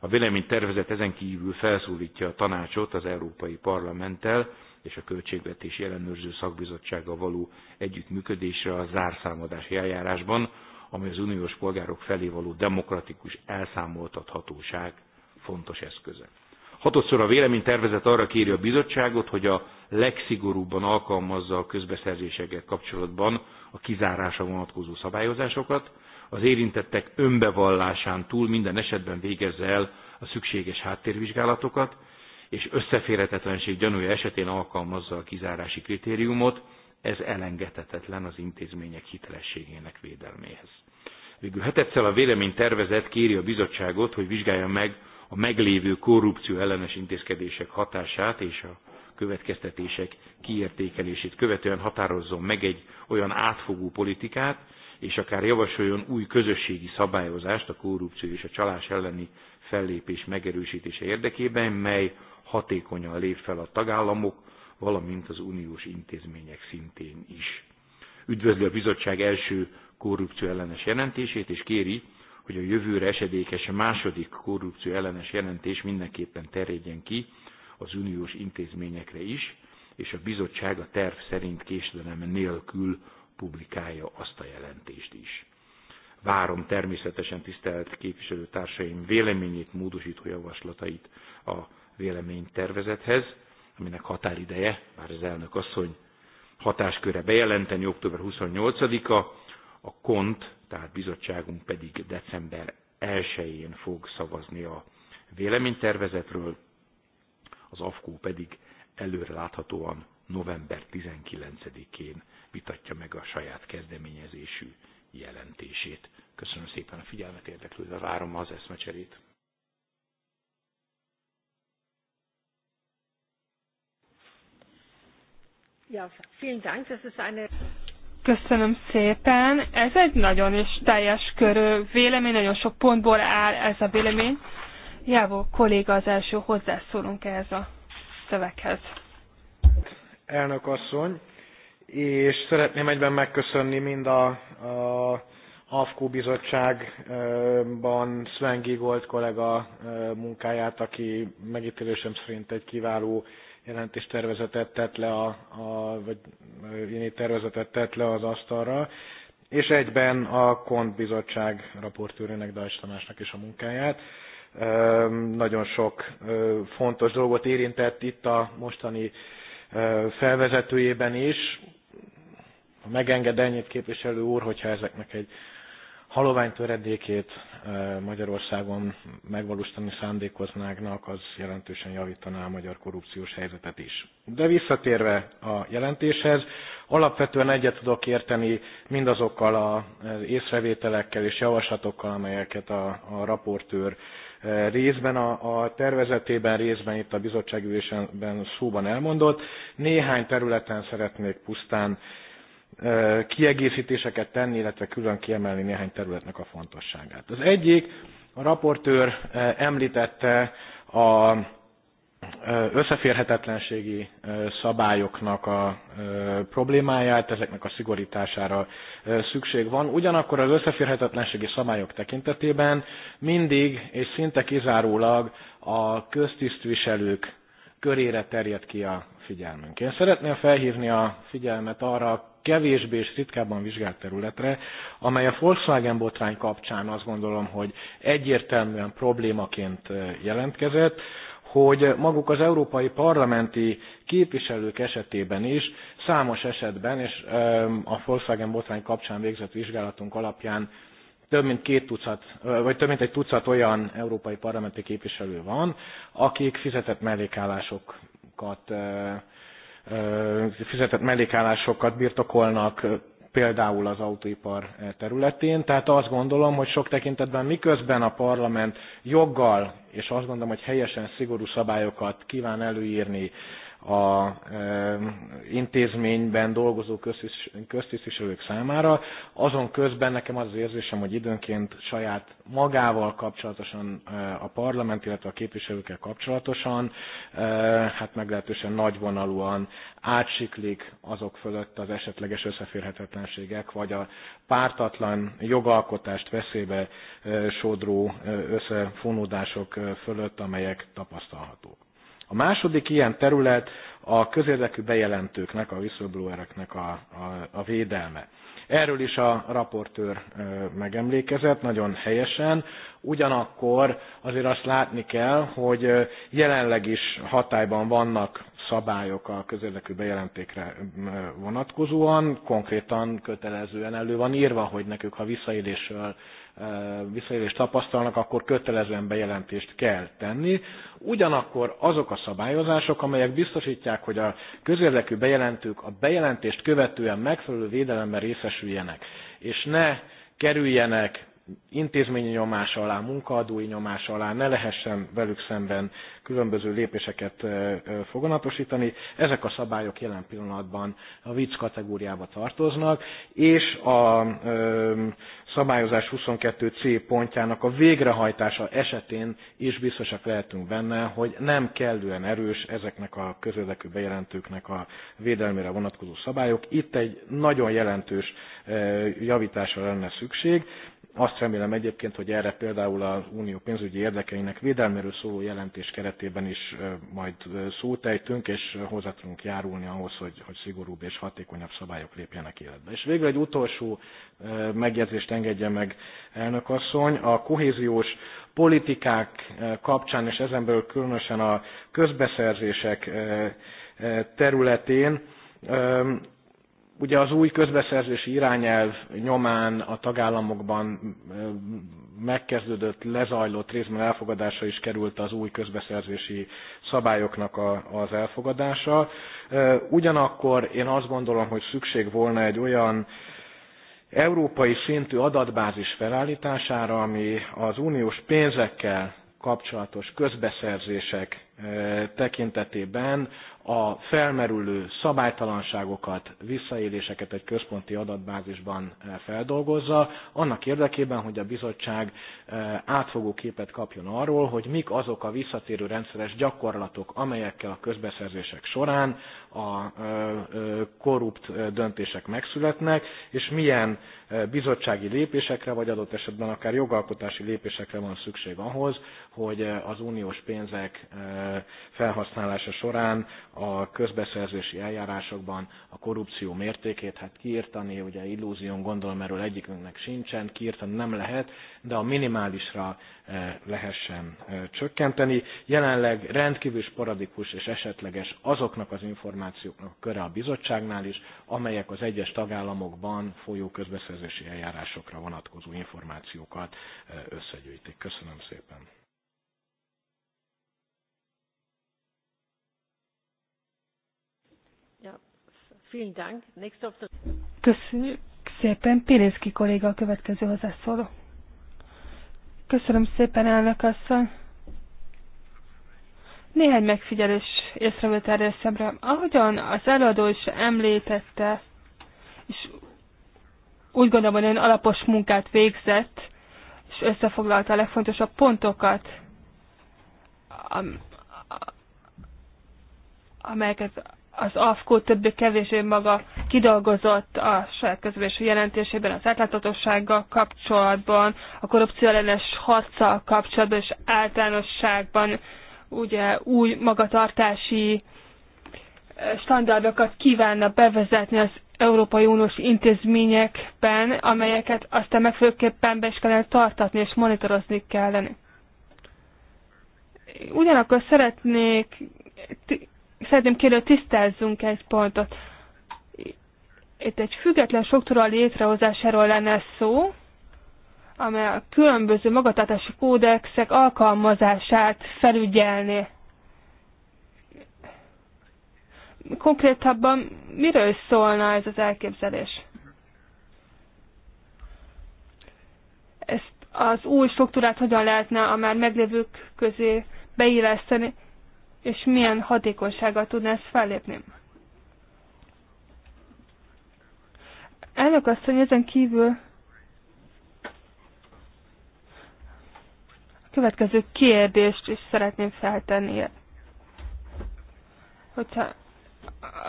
A véleménytervezet ezen kívül felszólítja a tanácsot az Európai Parlamenttel, és a Költségvetési Ellenőrző Szakbizottsága való együttműködésre a zárszámadási eljárásban, ami az uniós polgárok felé való demokratikus elszámoltathatóság fontos eszköze. Hatodszor a véleménytervezet arra kéri a bizottságot, hogy a legszigorúbban alkalmazza a közbeszerzésekkel kapcsolatban a kizárása vonatkozó szabályozásokat, az érintettek önbevallásán túl minden esetben végezze el a szükséges háttérvizsgálatokat, és összeférhetetlenség gyanúja esetén alkalmazza a kizárási kritériumot, ez elengedhetetlen az intézmények hitelességének védelméhez. Végül hetetszel a véleménytervezet kéri a bizottságot, hogy vizsgálja meg a meglévő korrupció ellenes intézkedések hatását és a következtetések kiértékelését követően határozzon meg egy olyan átfogó politikát, és akár javasoljon új közösségi szabályozást a korrupció és a csalás elleni fellépés megerősítése érdekében, mely hatékonyan lép fel a tagállamok, valamint az uniós intézmények szintén is. Üdvözli a bizottság első korrupció ellenes jelentését, és kéri, hogy a jövőre esedékes második korrupció ellenes jelentés mindenképpen terjedjen ki az uniós intézményekre is, és a bizottság a terv szerint késedelem nélkül publikálja azt a jelentést is. Várom természetesen tisztelt képviselőtársaim véleményét, módosító javaslatait a véleménytervezethez, aminek határideje, már az elnök asszony hatásköre bejelenteni október 28-a, a KONT, tehát bizottságunk pedig december 1-én fog szavazni a véleménytervezetről, az AFKÓ pedig előre láthatóan november 19-én vitatja meg a saját kezdeményezésű jelentését. Köszönöm szépen a figyelmet, érdeklődve várom az eszmecserét. Köszönöm szépen. Ez egy nagyon és teljes körű vélemény, nagyon sok pontból áll ez a vélemény. Jávó kolléga az első hozzászólunk ehhez a szöveghez. Elnök asszony, és szeretném egyben megköszönni mind a, a AFKU bizottságban Sven Gigolt kollega munkáját, aki megítélésem szerint egy kiváló tervezetet tett le, a, a, vagy tervezetet tett le az asztalra, és egyben a KONT bizottság raportőrének, Dajs Tamásnak is a munkáját. Nagyon sok fontos dolgot érintett itt a mostani felvezetőjében is megenged ennyit képviselő úr, hogyha ezeknek egy halovány töredékét Magyarországon megvalósítani szándékoznának, az jelentősen javítaná a magyar korrupciós helyzetet is. De visszatérve a jelentéshez, alapvetően egyet tudok érteni mindazokkal az észrevételekkel és javaslatokkal, amelyeket a, a raportőr részben a, a tervezetében, részben itt a bizottságülésben szóban elmondott. Néhány területen szeretnék pusztán kiegészítéseket tenni, illetve külön kiemelni néhány területnek a fontosságát. Az egyik, a raportőr említette a összeférhetetlenségi szabályoknak a problémáját, ezeknek a szigorítására szükség van. Ugyanakkor az összeférhetetlenségi szabályok tekintetében mindig és szinte kizárólag a köztisztviselők körére terjed ki a figyelmünk. Én szeretném felhívni a figyelmet arra a kevésbé és ritkábban vizsgált területre, amely a Volkswagen botrány kapcsán azt gondolom, hogy egyértelműen problémaként jelentkezett, hogy maguk az európai parlamenti képviselők esetében is számos esetben, és a Volkswagen botrány kapcsán végzett vizsgálatunk alapján több mint két tucat, vagy több mint egy tucat olyan európai parlamenti képviselő van, akik fizetett mellékállásokat fizetett mellékállásokat birtokolnak például az autóipar területén. Tehát azt gondolom, hogy sok tekintetben miközben a parlament joggal, és azt gondolom, hogy helyesen szigorú szabályokat kíván előírni a intézményben dolgozó köztisztviselők számára. Azon közben nekem az az érzésem, hogy időnként saját magával kapcsolatosan e, a parlament, illetve a képviselőkkel kapcsolatosan, e, hát meglehetősen nagyvonalúan átsiklik azok fölött az esetleges összeférhetetlenségek, vagy a pártatlan jogalkotást veszélybe e, sodró összefonódások fölött, amelyek tapasztalhatók. A második ilyen terület a közérdekű bejelentőknek, a whistleblowereknek a, a, a védelme. Erről is a raportőr megemlékezett, nagyon helyesen. Ugyanakkor azért azt látni kell, hogy jelenleg is hatályban vannak szabályok a közérdekű bejelentékre vonatkozóan, konkrétan kötelezően elő van írva, hogy nekük, ha visszaélésről visszaélést tapasztalnak, akkor kötelezően bejelentést kell tenni. Ugyanakkor azok a szabályozások, amelyek biztosítják, hogy a közérdekű bejelentők a bejelentést követően megfelelő védelemben részesüljenek, és ne kerüljenek intézményi nyomás alá, munkaadói nyomás alá, ne lehessen velük szemben különböző lépéseket foganatosítani. Ezek a szabályok jelen pillanatban a vicc kategóriába tartoznak, és a szabályozás 22c pontjának a végrehajtása esetén is biztosak lehetünk benne, hogy nem kellően erős ezeknek a közérdekű bejelentőknek a védelmére vonatkozó szabályok. Itt egy nagyon jelentős javításra lenne szükség. Azt remélem egyébként, hogy erre például az unió pénzügyi érdekeinek védelméről szóló jelentés keretében is majd ejtünk és hozzá tudunk járulni ahhoz, hogy, hogy szigorúbb és hatékonyabb szabályok lépjenek életbe. És végül egy utolsó megjegyzést engedje meg elnök asszony. A kohéziós politikák kapcsán, és ezen belül különösen a közbeszerzések területén Ugye az új közbeszerzési irányelv nyomán a tagállamokban megkezdődött, lezajlott részben elfogadása is került az új közbeszerzési szabályoknak a, az elfogadása. Ugyanakkor én azt gondolom, hogy szükség volna egy olyan európai szintű adatbázis felállítására, ami az uniós pénzekkel kapcsolatos közbeszerzések tekintetében a felmerülő szabálytalanságokat, visszaéléseket egy központi adatbázisban feldolgozza, annak érdekében, hogy a bizottság átfogó képet kapjon arról, hogy mik azok a visszatérő rendszeres gyakorlatok, amelyekkel a közbeszerzések során a korrupt döntések megszületnek, és milyen bizottsági lépésekre, vagy adott esetben akár jogalkotási lépésekre van szükség ahhoz, hogy az uniós pénzek felhasználása során a közbeszerzési eljárásokban a korrupció mértékét, hát kiirtani, ugye illúzión gondolom erről egyikünknek sincsen, kiirtani nem lehet, de a minimálisra lehessen csökkenteni. Jelenleg rendkívül sporadikus és esetleges azoknak az információknak köre a bizottságnál is, amelyek az egyes tagállamokban folyó közbeszerzési eljárásokra vonatkozó információkat összegyűjtik. Köszönöm szépen. Köszönjük szépen. Pirinszki kolléga a következő hozzászóló. Köszönöm szépen, elnök asszony. Néhány megfigyelés észrevétel részemre. Ahogyan az előadó is említette, és úgy gondolom, hogy ön alapos munkát végzett, és összefoglalta a legfontosabb pontokat, amelyeket az AFKO többé-kevésbé maga kidolgozott a saját közülési jelentésében az átláthatósággal kapcsolatban, a korrupció ellenes harccal kapcsolatban és általánosságban ugye új magatartási eh, standardokat kívánna bevezetni az Európai Uniós intézményekben, amelyeket aztán megfőképpen be is kellene tartatni és monitorozni kellene. Ugyanakkor szeretnék Szeretném kérni, hogy tisztázzunk egy pontot. Itt egy független struktúra létrehozásáról lenne szó, amely a különböző magatartási kódexek alkalmazását felügyelni. Konkrétabban miről szólna ez az elképzelés? Ezt az új struktúrát hogyan lehetne a már meglévők közé beilleszteni? és milyen hatékonysággal tudná ezt fellépni. Elnök asszony ezen kívül a következő kérdést is szeretném feltenni. Hogyha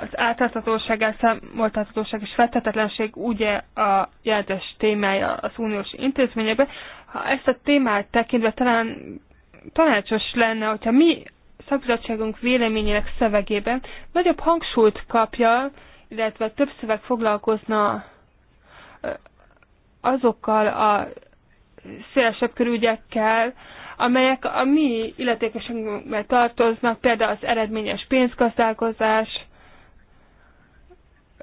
az átláthatóság, elszámoltáthatóság és feltetetlenség ugye a jelentős témája az uniós intézményekben. Ha ezt a témát tekintve talán tanácsos lenne, hogyha mi szakbizottságunk véleményének szövegében nagyobb hangsúlyt kapja, illetve több szöveg foglalkozna azokkal a szélesebb körügyekkel, amelyek a mi illetékesünkbe tartoznak, például az eredményes pénzgazdálkozás,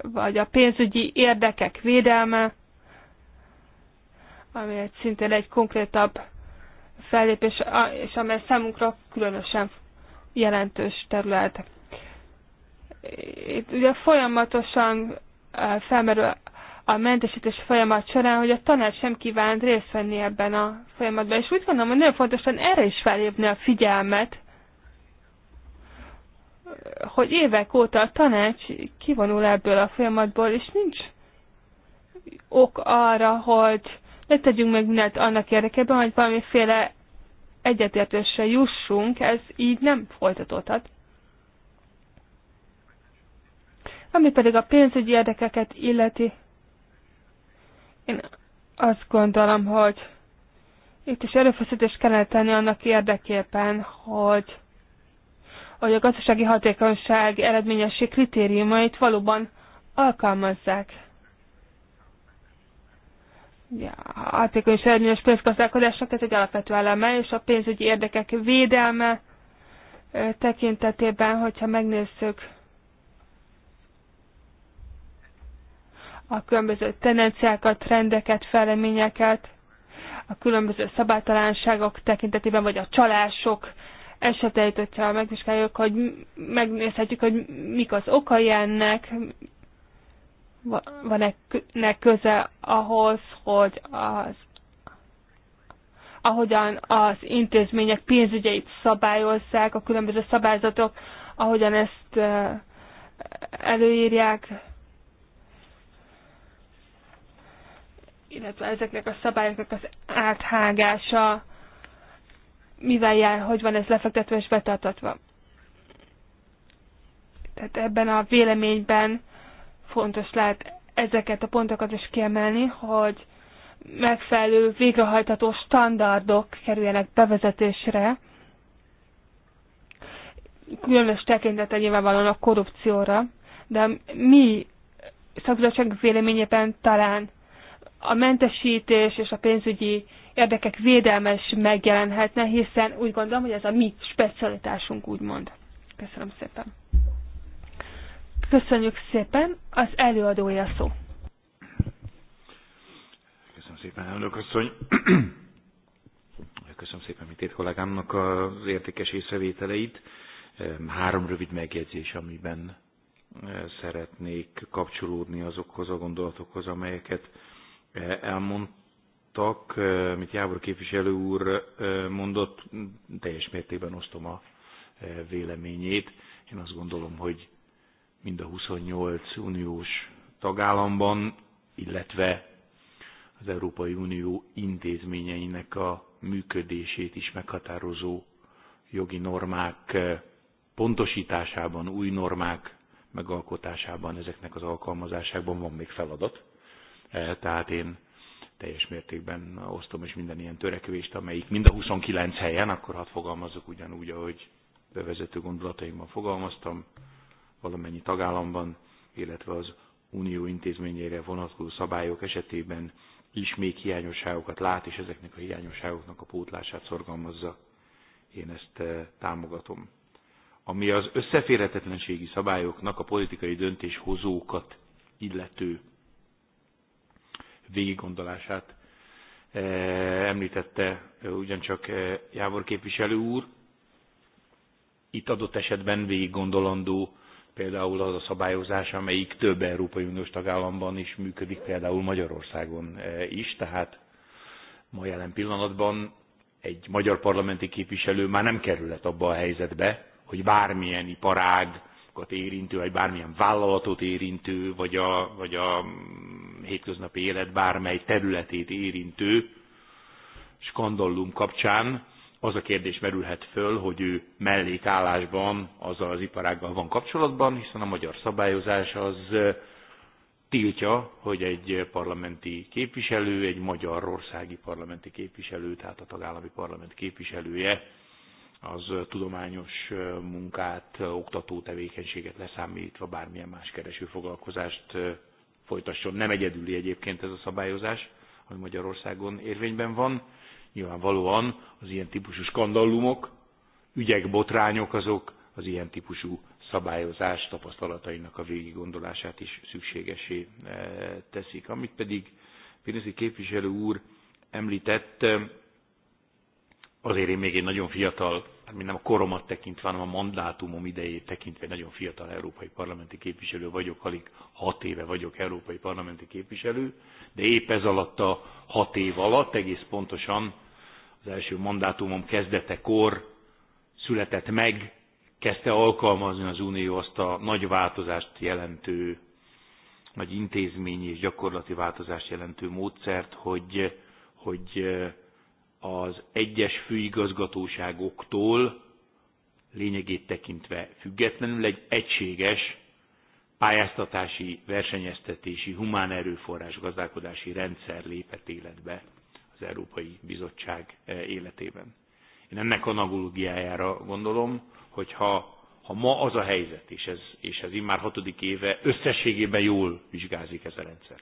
vagy a pénzügyi érdekek védelme, amelyet szintén egy konkrétabb fellépés, és amely számunkra különösen jelentős terület. Itt ugye folyamatosan felmerül a mentesítés folyamat során, hogy a tanács sem kívánt részt venni ebben a folyamatban. És úgy gondolom, hogy nagyon fontosan erre is felépni a figyelmet, hogy évek óta a tanács kivonul ebből a folyamatból, és nincs ok arra, hogy ne tegyünk meg mindent annak érdekében, hogy valamiféle egyetértésre jussunk, ez így nem folytatódhat. Ami pedig a pénzügyi érdekeket illeti, én azt gondolom, hogy itt is erőfeszítést kellene tenni annak érdekében, hogy, hogy a gazdasági hatékonyság eredményesség kritériumait valóban alkalmazzák hatékony és eredményes pénzgazdálkodásnak ez egy alapvető eleme, és a pénzügyi érdekek védelme tekintetében, hogyha megnézzük a különböző tendenciákat, trendeket, fejleményeket, a különböző szabálytalanságok tekintetében, vagy a csalások eseteit, hogyha megvizsgáljuk, hogy megnézhetjük, hogy mik az okai ennek, van-e köze ahhoz, hogy az ahogyan az intézmények pénzügyeit szabályozzák, a különböző szabályzatok, ahogyan ezt előírják, illetve ezeknek a szabályoknak az áthágása, mivel jár, hogy van ez lefektetve és betartatva. Tehát ebben a véleményben fontos lehet ezeket a pontokat is kiemelni, hogy megfelelő végrehajtató standardok kerüljenek bevezetésre, különös tekintete nyilvánvalóan a korrupcióra, de mi szakbizottság véleményében talán a mentesítés és a pénzügyi érdekek védelme is megjelenhetne, hiszen úgy gondolom, hogy ez a mi specialitásunk, úgymond. Köszönöm szépen. Köszönjük szépen, az előadója szó. Köszönöm szépen, elnök asszony. Köszönöm szépen Mitét kollégámnak az értékes észrevételeit. Három rövid megjegyzés, amiben eh, szeretnék kapcsolódni azokhoz a gondolatokhoz, amelyeket eh, elmondtak, amit eh, Jábor képviselő úr mondott, teljes mértékben osztom a véleményét. Én azt gondolom, hogy mind a 28 uniós tagállamban, illetve az Európai Unió intézményeinek a működését is meghatározó jogi normák pontosításában, új normák megalkotásában, ezeknek az alkalmazásában van még feladat. E, tehát én teljes mértékben osztom és minden ilyen törekvést, amelyik mind a 29 helyen, akkor hadd fogalmazok ugyanúgy, ahogy bevezető gondolataimban fogalmaztam, valamennyi tagállamban, illetve az unió intézményére vonatkozó szabályok esetében is még hiányosságokat lát, és ezeknek a hiányosságoknak a pótlását szorgalmazza. Én ezt eh, támogatom. Ami az összeférhetetlenségi szabályoknak a politikai döntéshozókat illető végiggondolását eh, említette eh, ugyancsak Jávor képviselő úr. Itt adott esetben végiggondolandó például az a szabályozás, amelyik több Európai Uniós tagállamban is működik, például Magyarországon eh, is, tehát ma jelen pillanatban egy magyar parlamenti képviselő már nem kerülhet abba a helyzetbe, hogy bármilyen iparágat érintő, vagy bármilyen vállalatot érintő, vagy a, vagy a mm, hétköznapi élet bármely területét érintő skandallum kapcsán az a kérdés merülhet föl, hogy ő mellékállásban azzal az iparággal van kapcsolatban, hiszen a magyar szabályozás az tiltja, hogy egy parlamenti képviselő, egy magyarországi parlamenti képviselő, tehát a tagállami parlament képviselője az tudományos munkát, oktató tevékenységet leszámítva bármilyen más kereső foglalkozást folytasson. Nem egyedüli egyébként ez a szabályozás, ami Magyarországon érvényben van. Nyilvánvalóan az ilyen típusú skandallumok, ügyek, botrányok azok az ilyen típusú szabályozás tapasztalatainak a végiggondolását is szükségesé eh, teszik. Amit pedig Pénzi képviselő úr említett, eh, azért én még egy nagyon fiatal hát nem a koromat tekintve, hanem a mandátumom idejét tekintve egy nagyon fiatal európai parlamenti képviselő vagyok, alig hat éve vagyok európai parlamenti képviselő, de épp ez alatt a hat év alatt, egész pontosan az első mandátumom kezdetekor született meg, kezdte alkalmazni az Unió azt a nagy változást jelentő, nagy intézményi és gyakorlati változást jelentő módszert, hogy, hogy az egyes főigazgatóságoktól lényegét tekintve függetlenül egy egységes pályáztatási, versenyeztetési, humán erőforrás gazdálkodási rendszer lépett életbe az Európai Bizottság eh, életében. Én ennek analógiájára gondolom, hogy ha, ha ma az a helyzet, és ez, és ez immár hatodik éve, összességében jól vizsgázik ez a rendszer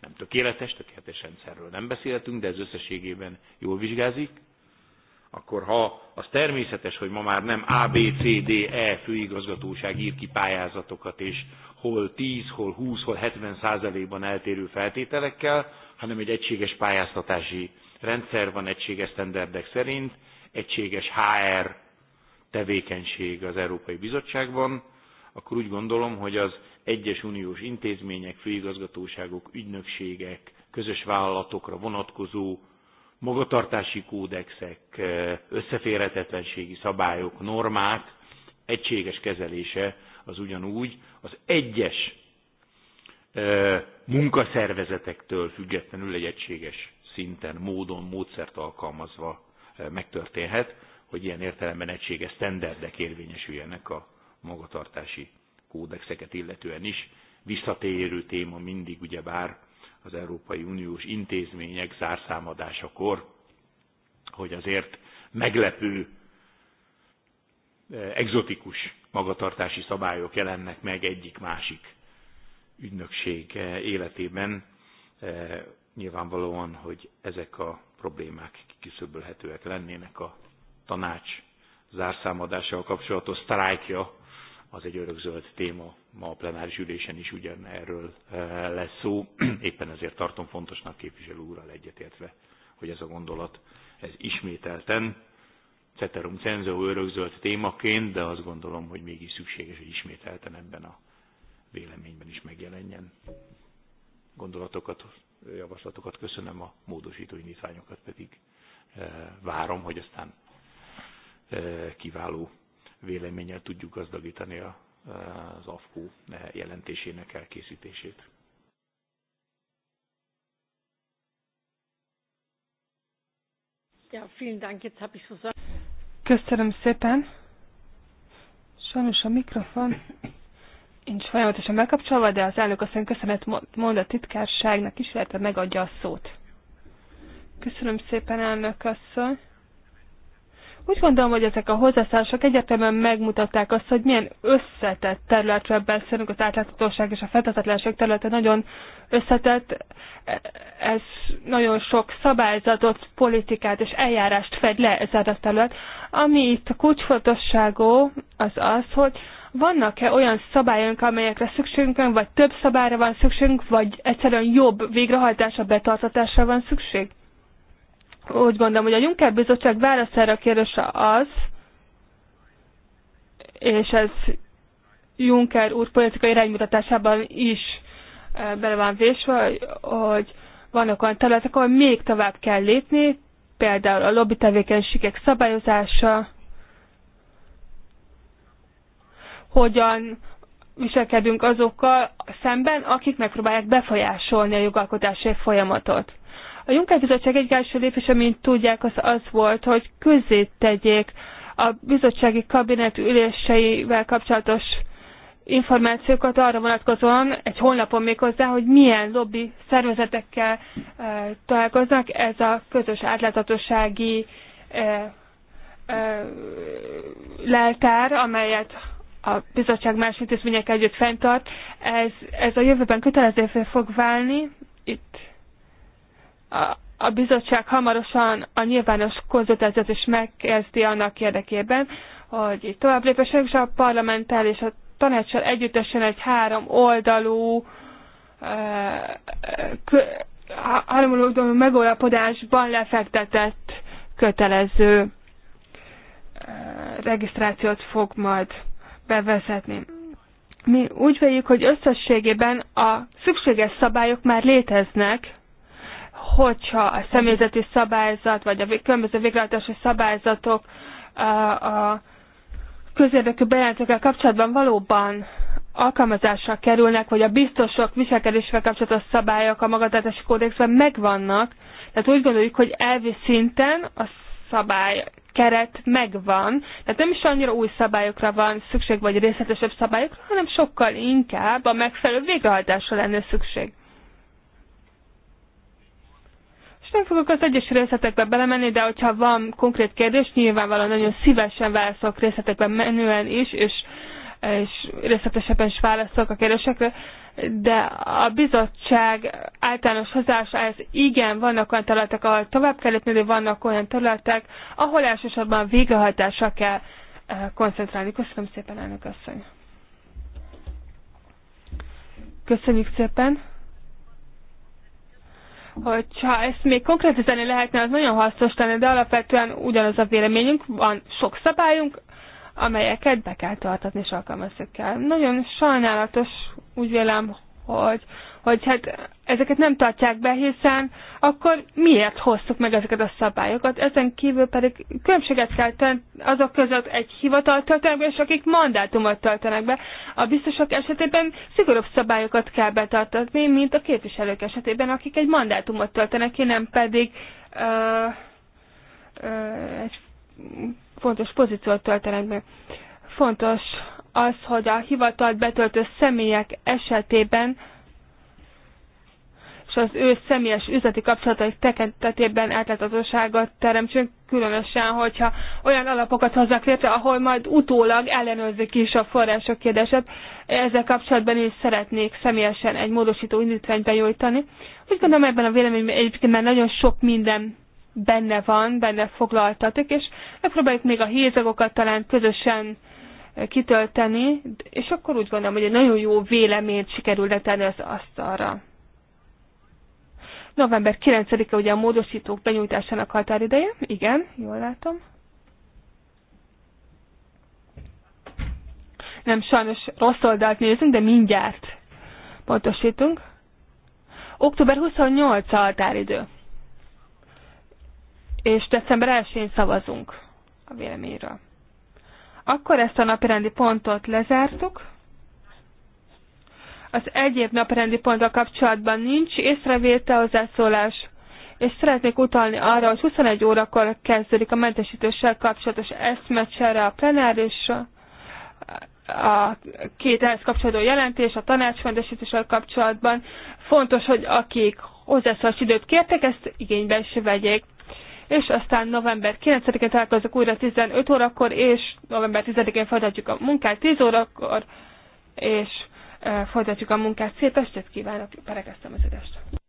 nem tökéletes, tökéletes rendszerről nem beszéltünk, de ez összességében jól vizsgázik, akkor ha az természetes, hogy ma már nem A, B, C, D, E főigazgatóság ír ki pályázatokat, és hol 10, hol 20, hol 70 százalékban eltérő feltételekkel, hanem egy egységes pályáztatási rendszer van egységes standardek szerint, egységes HR tevékenység az Európai Bizottságban, akkor úgy gondolom, hogy az egyes uniós intézmények, főigazgatóságok, ügynökségek, közös vállalatokra vonatkozó magatartási kódexek, összeférhetetlenségi szabályok, normák egységes kezelése az ugyanúgy az egyes munkaszervezetektől függetlenül egy egységes szinten, módon, módszert alkalmazva megtörténhet, hogy ilyen értelemben egységes sztenderdek érvényesüljenek a magatartási kódexeket illetően is visszatérő téma mindig ugyebár az Európai Uniós intézmények zárszámadásakor, hogy azért meglepő, eh, egzotikus magatartási szabályok jelennek meg egyik-másik ügynökség eh, életében. Eh, nyilvánvalóan, hogy ezek a problémák kiszöbölhetőek lennének a tanács zárszámadással kapcsolatos sztrájkja az egy örökzöld téma, ma a plenáris ülésen is ugyan erről eh, lesz szó. Éppen ezért tartom fontosnak képviselő úrral egyetértve, hogy ez a gondolat ez ismételten ceterum cenzeo örökzöld témaként, de azt gondolom, hogy mégis szükséges, hogy ismételten ebben a véleményben is megjelenjen. Gondolatokat, javaslatokat köszönöm, a módosító indítványokat pedig eh, várom, hogy aztán eh, kiváló véleménnyel tudjuk gazdagítani az AFKO jelentésének elkészítését. Ja, vielen Dank. Jetzt habe ich Susanne. Köszönöm szépen. Sajnos a mikrofon nincs folyamatosan megkapcsolva, de az elnök azt köszönet mond a titkárságnak is, illetve megadja a szót. Köszönöm szépen, elnök asszony. Úgy gondolom, hogy ezek a hozzászások egyértelműen megmutatták azt, hogy milyen összetett területről beszélünk, az átláthatóság és a fedhetetlenség területe nagyon összetett, ez nagyon sok szabályzatot, politikát és eljárást fed le ez a terület. Ami itt a kulcsfontosságú az az, hogy vannak-e olyan szabályunk, amelyekre szükségünk van, vagy több szabályra van szükségünk, vagy egyszerűen jobb végrehajtásra, betartatásra van szükség? úgy gondolom, hogy a Juncker Bizottság válasz erre a kérdésre az, és ez Juncker úr politikai iránymutatásában is eh, bele van vésve, hogy vannak olyan területek, ahol még tovább kell lépni, például a lobby tevékenységek szabályozása, hogyan viselkedünk azokkal szemben, akik megpróbálják befolyásolni a jogalkotási folyamatot. A Juncker Bizottság egy első lépése, mint tudják, az az volt, hogy közé tegyék a bizottsági kabinet üléseivel kapcsolatos információkat arra vonatkozóan egy honlapon még hozzá, hogy milyen lobby szervezetekkel e, találkoznak. Ez a közös átláthatósági e, e, leltár, amelyet a bizottság más intézmények együtt fenntart, ez, ez a jövőben kötelezővé fog válni. Itt a, a bizottság hamarosan a nyilvános konzultációt is megkezdi annak érdekében, hogy tovább lépések, és a parlamenttel és a tanácssal együttesen egy három oldalú három oldalú megolapodásban lefektetett kötelező regisztrációt fog majd bevezetni. Mi úgy véljük, hogy összességében a szükséges szabályok már léteznek, hogyha a személyzeti szabályzat, vagy a különböző végrehajtási szabályzatok a közérdekű bejelentőkkel kapcsolatban valóban alkalmazásra kerülnek, hogy a biztosok viselkedésével kapcsolatos szabályok a magatartási kódexben megvannak, tehát úgy gondoljuk, hogy elvi szinten a szabály keret megvan, tehát nem is annyira új szabályokra van szükség, vagy részletesebb szabályokra, hanem sokkal inkább a megfelelő végrehajtásra lenne szükség. Most nem fogok az egyes részletekbe belemenni, de hogyha van konkrét kérdés, nyilvánvalóan nagyon szívesen válaszolok részletekben menően is, és, és részletesebben is válaszolok a kérdésekre, de a bizottság általános ez igen, vannak olyan területek, ahol tovább kell lépni, de vannak olyan területek, ahol elsősorban végrehajtásra kell eh, koncentrálni. Köszönöm szépen, elnök asszony! Köszönjük szépen! hogyha ezt még konkrétizálni lehetne, az nagyon hasznos lenne, de alapvetően ugyanaz a véleményünk, van sok szabályunk, amelyeket be kell tartatni és alkalmazni kell. Nagyon sajnálatos, úgy vélem, hogy, hogy hát ezeket nem tartják be, hiszen akkor miért hoztuk meg ezeket a szabályokat? Ezen kívül pedig különbséget kell tenni azok között egy hivatal töltenek be, és akik mandátumot töltenek be. A biztosok esetében szigorúbb szabályokat kell betartatni, mint a képviselők esetében, akik egy mandátumot töltenek ki, nem pedig ö, ö, egy fontos pozíciót töltenek be. Fontos az, hogy a hivatalt betöltő személyek esetében és az ő személyes üzleti kapcsolataik tekintetében átláthatóságot teremtsünk, különösen, hogyha olyan alapokat hoznak létre, ahol majd utólag ellenőrzik is a források kérdését. Ezzel kapcsolatban is szeretnék személyesen egy módosító indítványt bejújtani. Úgy gondolom ebben a véleményben egyébként már nagyon sok minden benne van, benne foglaltatok, és megpróbáljuk még a hézagokat talán közösen kitölteni, és akkor úgy gondolom, hogy egy nagyon jó véleményt sikerül letenni az asztalra. November 9-e ugye a módosítók benyújtásának határideje. Igen, jól látom. Nem, sajnos rossz oldalt nézünk, de mindjárt pontosítunk. Október 28 a határidő. És december 1-én szavazunk a véleményről. Akkor ezt a napirendi pontot lezártuk. Az egyéb napirendi ponttal kapcsolatban nincs észrevétel, elszólás, és szeretnék utalni arra, hogy 21 órakor kezdődik a mentesítéssel kapcsolatos eszmecsere a plenárisra, a két ehhez kapcsolódó jelentés, a tanácsmentesítéssel kapcsolatban. Fontos, hogy akik hozzászólás időt kértek, ezt igénybe is vegyék és aztán november 9-én találkozunk újra 15 órakor, és november 10-én folytatjuk a munkát 10 órakor, és eh, folytatjuk a munkát. Szép estét kívánok, perekeztem az ödest.